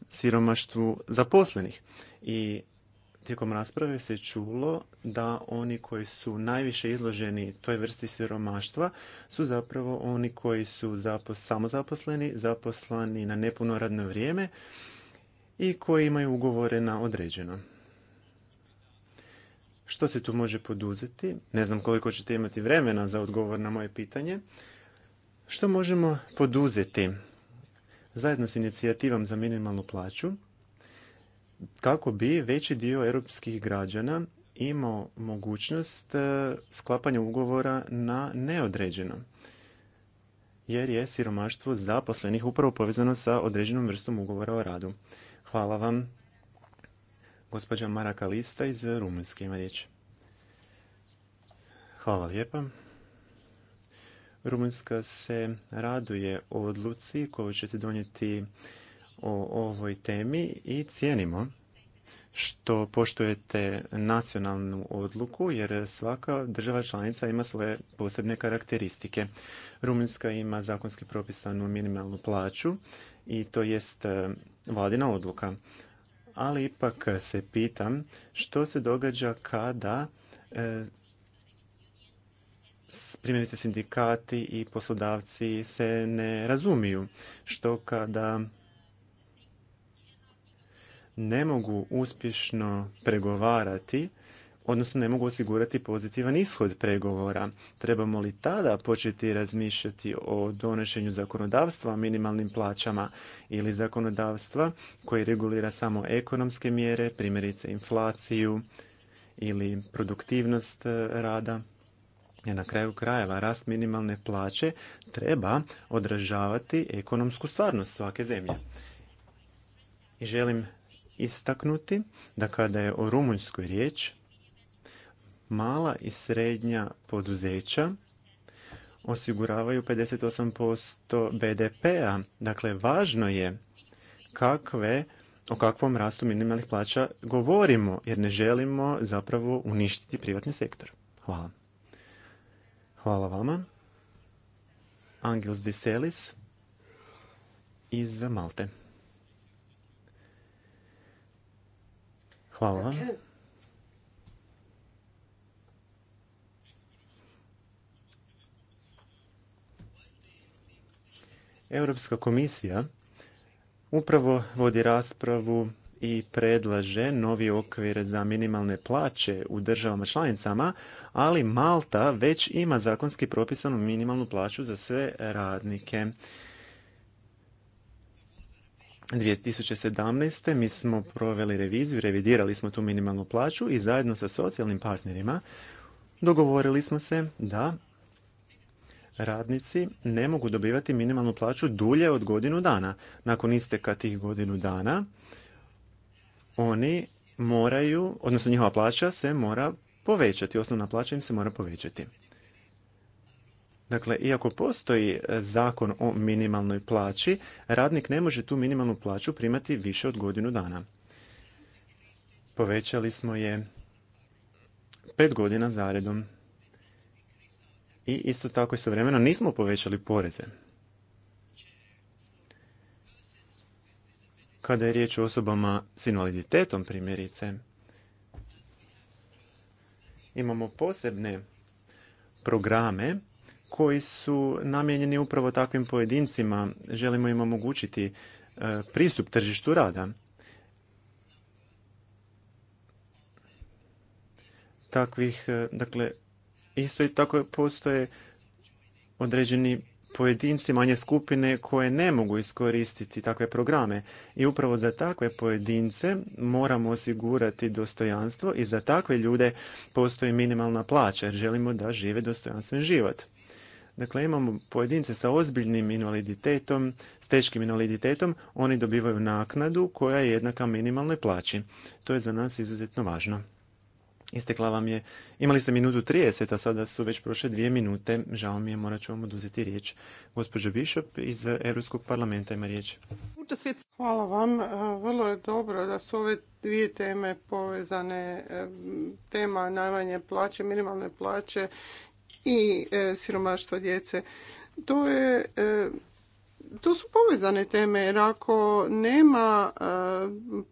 siromaštvu zaposlenih i tijekom rasprave se čulo da oni koji su najviše izloženi toj vrsti siromaštva su zapravo oni koji su samozaposleni, zaposlani na nepuno radno vrijeme i koji imaju ugovore na određeno. Što se tu može poduzeti? Ne znam koliko ćete imati vremena za odgovor na moje pitanje. Što možemo poduzeti zajedno s inicijativom za minimalnu plaću kako bi veći dio europskih građana imao mogućnost e, sklapanja ugovora na neodređeno? Jer je siromaštvo zaposlenih upravo povezano sa određenom vrstom ugovora o radu. Hvala vam. Gospođa Maraka Lista iz Rumunjske ima riječ. Hvala lijepa. Rumunjska se raduje o odluci koju ćete donijeti o ovoj temi i cijenimo što poštujete nacionalnu odluku jer svaka država članica ima svoje posebne karakteristike. Rumunjska ima zakonski propisanu minimalnu plaću i to jest e, vladina odluka. Ali ipak se pitam što se događa kada e, primjerice sindikati i poslodavci se ne razumiju. Što kada ne mogu uspješno pregovarati odnosno ne mogu osigurati pozitivan ishod pregovora. Trebamo li tada početi razmišljati o donošenju zakonodavstva o minimalnim plaćama ili zakonodavstva koji regulira samo ekonomske mjere, primjerice inflaciju ili produktivnost e, rada? Jer na kraju krajeva rast minimalne plaće treba odražavati ekonomsku stvarnost svake zemlje. I želim istaknuti da kada je o Rumunjskoj riječ, mala i srednja poduzeća osiguravaju 58% BDP-a. Dakle, važno je kakve, o kakvom rastu minimalnih plaća govorimo, jer ne želimo zapravo uništiti privatni sektor. Hvala. Hvala vama. Angels Diselis iz Malte. Hvala vam. Europska komisija upravo vodi raspravu i predlaže novi okvir za minimalne plaće u državama članicama, ali Malta već ima zakonski propisanu minimalnu plaću za sve radnike. 2017. mi smo proveli reviziju, revidirali smo tu minimalnu plaću i zajedno sa socijalnim partnerima dogovorili smo se da radnici ne mogu dobivati minimalnu plaću dulje od godinu dana. Nakon isteka tih godinu dana oni moraju, odnosno njihova plaća se mora povećati, osnovna plaća im se mora povećati. Dakle, iako postoji zakon o minimalnoj plaći, radnik ne može tu minimalnu plaću primati više od godinu dana. Povećali smo je pet godina zaredom i isto tako istovremeno nismo povećali poreze. Kada je riječ o osobama s invaliditetom primjerice, imamo posebne programe koji su namijenjeni upravo takvim pojedincima. Želimo im omogućiti e, pristup tržištu rada. Takvih, e, dakle, Isto i tako postoje određeni pojedinci, manje skupine koje ne mogu iskoristiti takve programe. I upravo za takve pojedince moramo osigurati dostojanstvo i za takve ljude postoji minimalna plaća jer želimo da žive dostojanstven život. Dakle, imamo pojedince sa ozbiljnim invaliditetom, s teškim invaliditetom, oni dobivaju naknadu koja je jednaka minimalnoj plaći. To je za nas izuzetno važno. Istekla vam je, imali ste minutu 30, a sada su već prošle dvije minute. Žao mi je, morat ću vam oduzeti riječ. Gospođo Bišop iz Europskog parlamenta ima riječ. Hvala vam. E, vrlo je dobro da su ove dvije teme povezane. E, tema najmanje plaće, minimalne plaće i e, siromaštvo djece. To je to su povezane teme jer ako nema e,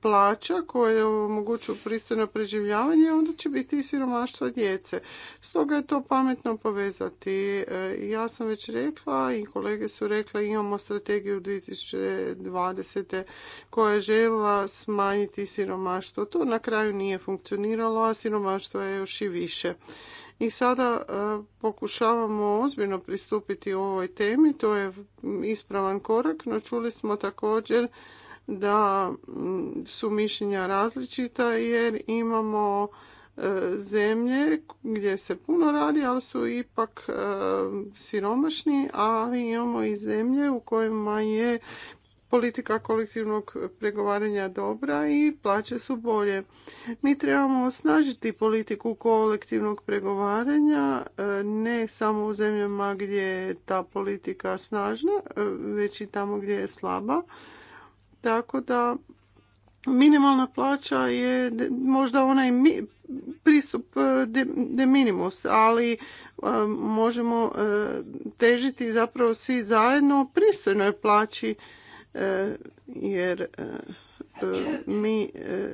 plaća koje omogućuju pristojno preživljavanje onda će biti i siromaštva djece. Stoga je to pametno povezati. E, ja sam već rekla i kolege su rekla imamo strategiju 2020. koja je željela smanjiti siromaštvo. To na kraju nije funkcioniralo, a siromaštvo je još i više i sada e, pokušavamo ozbiljno pristupiti u ovoj temi. To je ispravan korak, no čuli smo također da mm, su mišljenja različita jer imamo e, zemlje gdje se puno radi, ali su ipak e, siromašni, ali imamo i zemlje u kojima je politika kolektivnog pregovaranja dobra i plaće su bolje. Mi trebamo osnažiti politiku kolektivnog pregovaranja e, ne samo u zemljama gdje je ta politika snažna, e, već i tamo gdje je slaba. Tako da minimalna plaća je možda onaj pristup e, de minimus, ali možemo težiti zapravo svi zajedno pristojnoj plaći jer e, mi e,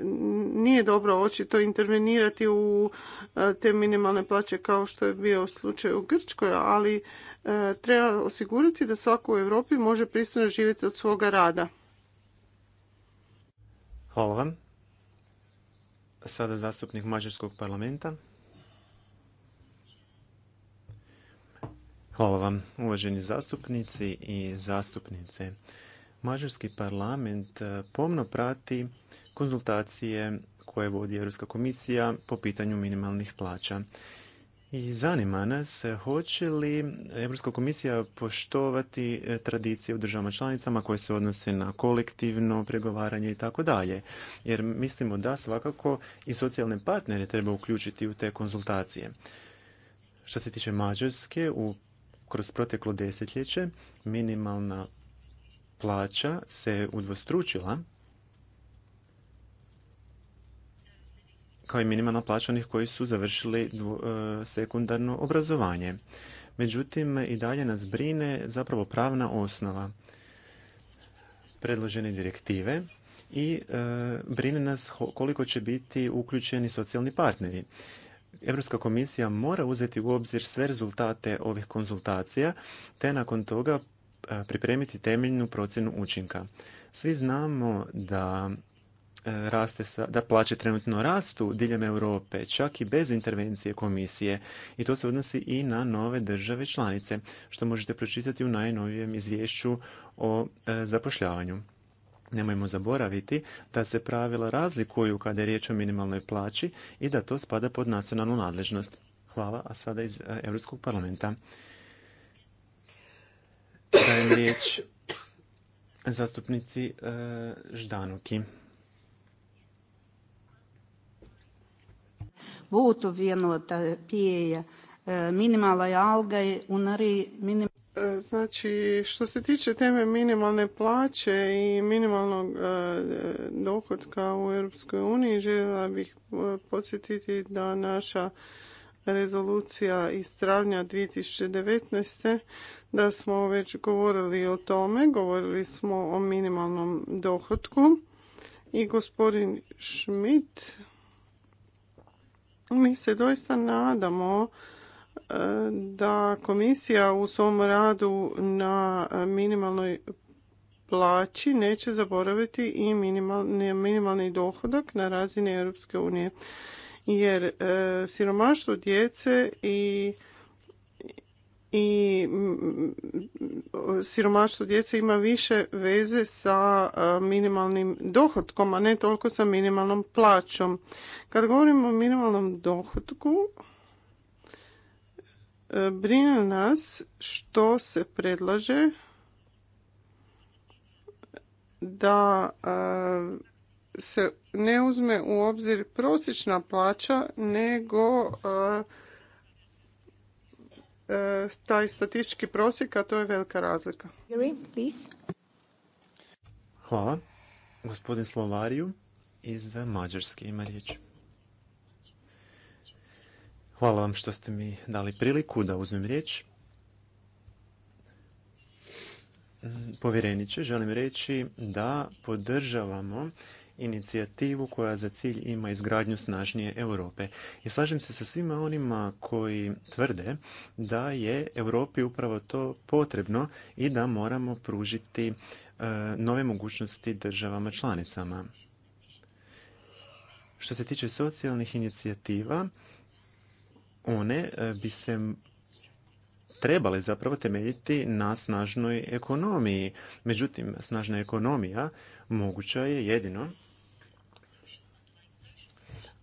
nije dobro očito intervenirati u e, te minimalne plaće kao što je bio slučaj u Grčkoj, ali treba osigurati da svako u Europi može pristojno živjeti od svoga rada. Hvala vam. Sada zastupnik Mađarskog parlamenta. Hvala vam, uvaženi zastupnici i zastupnice. Mađarski parlament e, pomno prati konzultacije koje vodi Europska komisija po pitanju minimalnih plaća. I zanima nas e, hoće li Europska komisija poštovati e, tradicije u državama članicama koje se odnose na kolektivno pregovaranje i tako dalje. Jer mislimo da svakako i socijalne partnere treba uključiti u te konzultacije. Što se tiče Mađarske, u, kroz proteklo desetljeće minimalna plaća se udvostručila kao i minimalna plaća onih koji su završili e, sekundarno obrazovanje. Međutim, i dalje nas brine zapravo pravna osnova predložene direktive i e, brine nas koliko će biti uključeni socijalni partneri. Europska komisija mora uzeti u obzir sve rezultate ovih konzultacija, te nakon toga E, pripremiti temeljnu procjenu učinka. Svi znamo da e, raste sa, da plaće trenutno rastu diljem Europe, čak i bez intervencije komisije. I to se odnosi i na nove države članice, što možete pročitati u najnovijem izvješću o e, zapošljavanju. Nemojmo zaboraviti da se pravila razlikuju kada je riječ o minimalnoj plaći i da to spada pod nacionalnu nadležnost. Hvala, a sada iz Europskog parlamenta. Dajem riječ zastupnici e, Ždanuki. būtu vienota e, minimala je algai un arī minimala. E, znači, što se tiče teme minimalne plaće i minimalnog dohotka u eu uniji, bih podsjetiti da naša rezolucija iz travnja 2019. da smo već govorili o tome, govorili smo o minimalnom dohotku i gospodin Schmidt mi se doista nadamo e, da komisija u svom radu na minimalnoj plaći neće zaboraviti i minimalni, minimalni dohodak na razini Europske unije jer e, siromaštvo djece i i siromaštvo djece ima više veze sa e, minimalnim dohotkom, a ne toliko sa minimalnom plaćom. Kad govorimo o minimalnom dohotku, e, brine nas što se predlaže da se ne uzme u obzir prosječna plaća nego taj statistički prosjek, a to je velika razlika. Hvala. Gospodin Slovariju iz Mađarske ima riječ. Hvala vam što ste mi dali priliku da uzmem riječ. Mm, povjereniče, želim reći da podržavamo inicijativu koja za cilj ima izgradnju snažnije Europe. I slažem se sa svima onima koji tvrde da je Europi upravo to potrebno i da moramo pružiti e, nove mogućnosti državama članicama. Što se tiče socijalnih inicijativa, one e, bi se trebale zapravo temeljiti na snažnoj ekonomiji. Međutim, snažna ekonomija moguća je jedino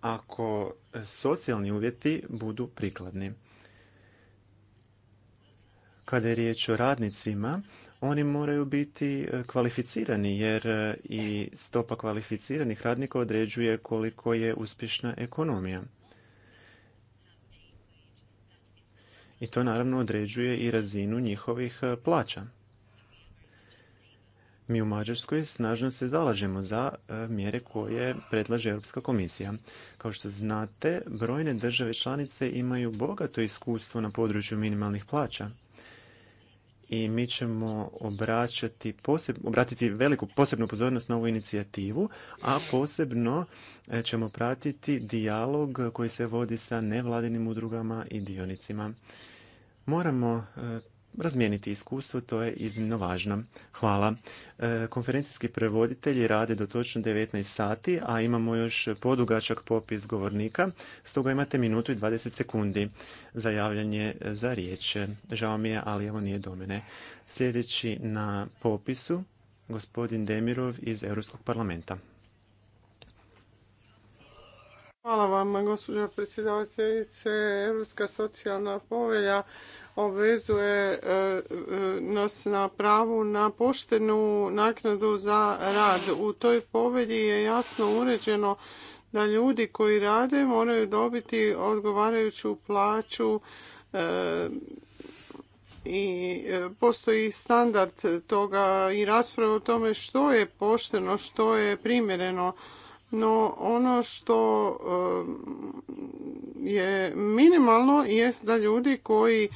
ako socijalni uvjeti budu prikladni. Kada je riječ o radnicima, oni moraju biti e, kvalificirani jer e, i stopa kvalificiranih radnika određuje koliko je uspješna ekonomija. I to naravno određuje i razinu njihovih e, plaća. Mi u Mađarskoj snažno se zalažemo za e, mjere koje predlaže Europska komisija. Kao što znate, brojne države članice imaju bogato iskustvo na području minimalnih plaća i mi ćemo obraćati poseb, obratiti veliku posebnu pozornost na ovu inicijativu, a posebno e, ćemo pratiti dijalog koji se vodi sa nevladinim udrugama i dionicima. Moramo e, razmijeniti iskustvo, to je iznimno važno. Hvala. E, konferencijski prevoditelji rade do točno 19 sati, a imamo još podugačak popis govornika, stoga imate minutu i 20 sekundi za javljanje e, za riječ. Žao mi je, ali evo nije do mene. Sljedeći na popisu, gospodin Demirov iz Europskog parlamenta. Hvala vam, gospođo predsjedavateljice. Europska socijalna povelja obvezuje e, e, nas na pravu na poštenu naknadu za rad. U toj povelji je jasno uređeno da ljudi koji rade moraju dobiti odgovarajuću plaću e, i postoji standard toga i rasprava o tome što je pošteno, što je primjereno no ono što e, je minimalno jest da ljudi koji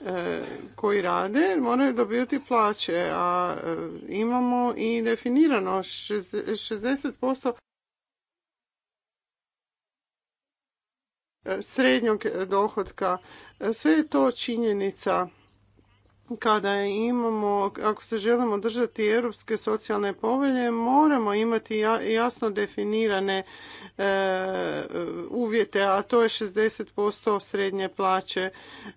e, koji rade moraju dobiti plaće, a e, imamo i definirano 60% srednjog dohotka. Sve je to činjenica kada imamo, ako se želimo držati europske socijalne povelje, moramo imati jasno definirane e, uvjete, a to je 60% srednje plaće.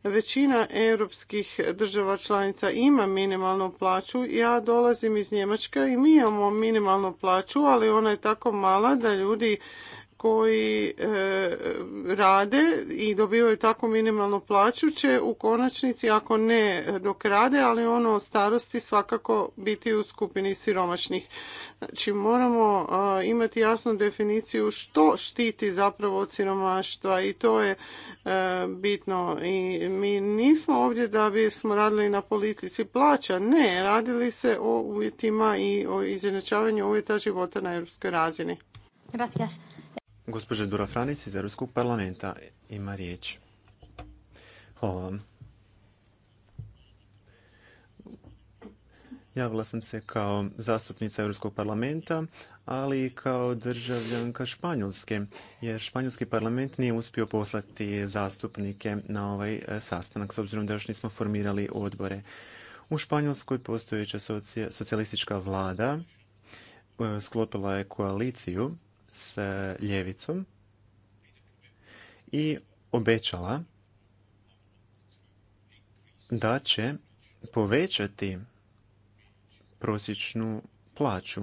Većina europskih država članica ima minimalnu plaću. Ja dolazim iz Njemačka i mi imamo minimalnu plaću, ali ona je tako mala da ljudi koji e, rade i dobivaju tako minimalnu plaću će u konačnici, ako ne dok rade, ali ono o starosti svakako biti u skupini siromašnih. Znači moramo e, imati jasnu definiciju što štiti zapravo od siromaštva i to je e, bitno. I mi nismo ovdje da bi smo radili na politici plaća, ne, radili se o uvjetima i o izjednačavanju uvjeta života na europskoj razini. Gracias. Gospođa Dura Franic iz Europskog parlamenta ima riječ. Hvala vam. Javila sam se kao zastupnica Europskog parlamenta, ali i kao državljanka Španjolske, jer Španjolski parlament nije uspio poslati zastupnike na ovaj e, sastanak, s obzirom da još nismo formirali odbore. U Španjolskoj postojeća socijalistička vlada e, sklopila je koaliciju s ljevicom i obećala da će povećati prosječnu plaću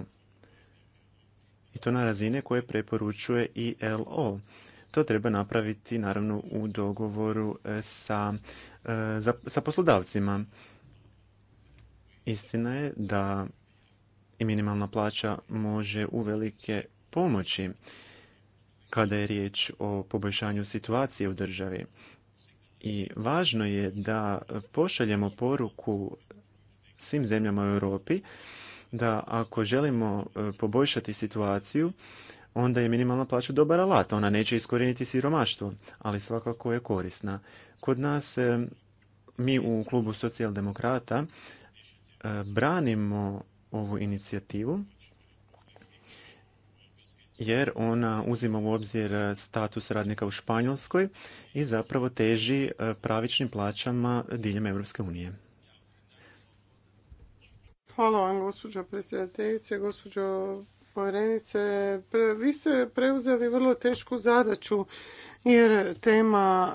i to na razine koje preporučuje i LO. To treba napraviti naravno u dogovoru e, sa, e, sa poslodavcima. Istina je da i minimalna plaća može uvelike pomoći kada je riječ o poboljšanju situacije u državi. I važno je da pošaljemo poruku svim zemljama u Europi da ako želimo e, poboljšati situaciju, onda je minimalna plaća dobar alat. Ona neće iskorijeniti siromaštvo, ali svakako je korisna. Kod nas, e, mi u klubu socijaldemokrata, e, branimo ovu inicijativu jer ona uzima u obzir e, status radnika u Španjolskoj i zapravo teži e, pravičnim plaćama diljem Europske unije. Hvala vam, gospođo predsjedateljice, gospođo povjerenice. Vi ste preuzeli vrlo tešku zadaću jer tema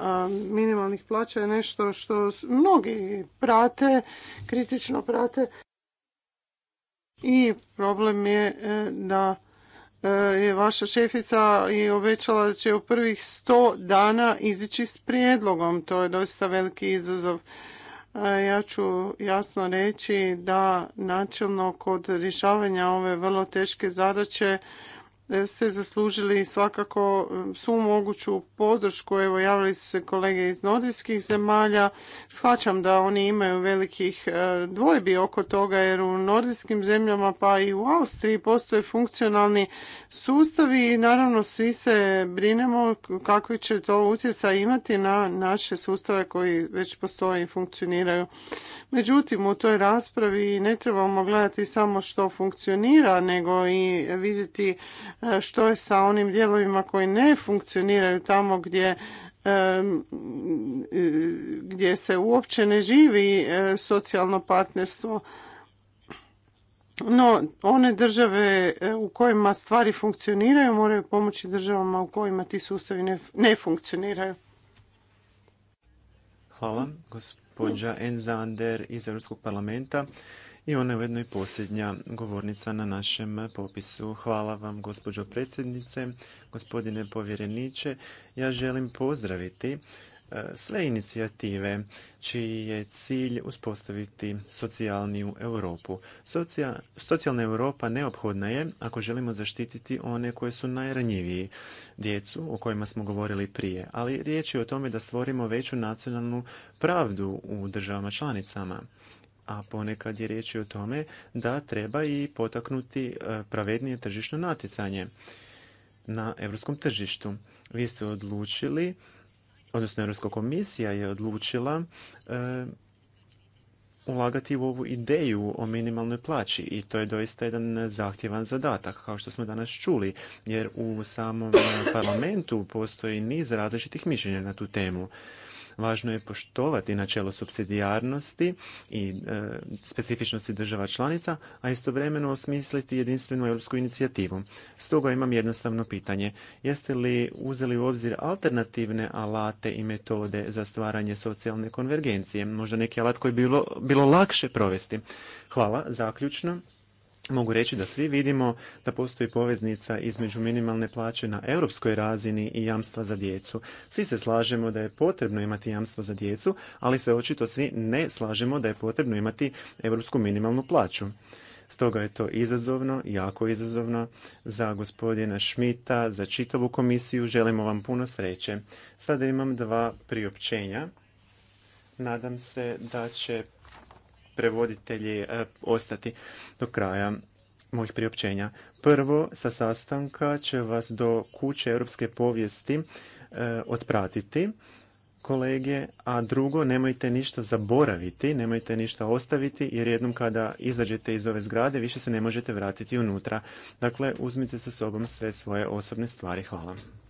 minimalnih plaća je nešto što mnogi prate, kritično prate i problem je e, da E, je vaša šefica i obećala da će u prvih sto dana izići s prijedlogom. To je dosta veliki izazov. E, ja ću jasno reći da načelno kod rješavanja ove vrlo teške zadaće ste zaslužili svakako um, svu moguću podršku. Evo, javili su se kolege iz nordijskih zemalja. Shvaćam da oni imaju velikih uh, dvojbi oko toga jer u nordijskim zemljama pa i u Austriji postoje funkcionalni sustavi i naravno svi se brinemo kakvi će to utjecaj imati na naše sustave koji već postoje i funkcioniraju. Međutim, u toj raspravi ne trebamo gledati samo što funkcionira, nego i vidjeti E, što je sa onim dijelovima koji ne funkcioniraju tamo gdje e, e, gdje se uopće ne živi socijalno partnerstvo. No, one države u kojima stvari funkcioniraju moraju pomoći državama u kojima ti sustavi ne, ne funkcioniraju. Hvala, gospođa Enzander iz Europskog parlamenta i ona je ujedno i posljednja govornica na našem popisu. Hvala vam, gospođo predsjednice, gospodine povjereniče. Ja želim pozdraviti e, sve inicijative čiji je cilj uspostaviti socijalniju Europu. socijalna Europa neophodna je ako želimo zaštititi one koje su najranjiviji, djecu o kojima smo govorili prije, ali riječ je o tome da stvorimo veću nacionalnu pravdu u državama članicama a ponekad je riječ o tome da treba i potaknuti e, pravednije tržišno natjecanje na europskom tržištu. Vi ste odlučili, odnosno Europska komisija je odlučila e, ulagati u ovu ideju o minimalnoj plaći i to je doista jedan zahtjevan zadatak, kao što smo danas čuli, jer u samom parlamentu postoji niz različitih mišljenja na tu temu. Važno je poštovati načelo subsidijarnosti i e, specifičnosti država članica, a istovremeno osmisliti jedinstvenu europsku inicijativu. Stoga imam jednostavno pitanje. Jeste li uzeli u obzir alternativne alate i metode za stvaranje socijalne konvergencije? Možda neki alat koji bi bilo, bilo lakše provesti. Hvala. Zaključno mogu reći da svi vidimo da postoji poveznica između minimalne plaće na europskoj razini i jamstva za djecu. Svi se slažemo da je potrebno imati jamstvo za djecu, ali se očito svi ne slažemo da je potrebno imati europsku minimalnu plaću. Stoga je to izazovno, jako izazovno za gospodina Šmita, za čitavu komisiju. Želimo vam puno sreće. Sada imam dva priopćenja. Nadam se da će prevoditelji e, ostati do kraja mojih priopćenja. Prvo, sa sastanka će vas do kuće europske povijesti e, otpratiti kolege, a drugo, nemojte ništa zaboraviti, nemojte ništa ostaviti, jer jednom kada izađete iz ove zgrade, više se ne možete vratiti unutra. Dakle, uzmite sa sobom sve svoje osobne stvari. Hvala.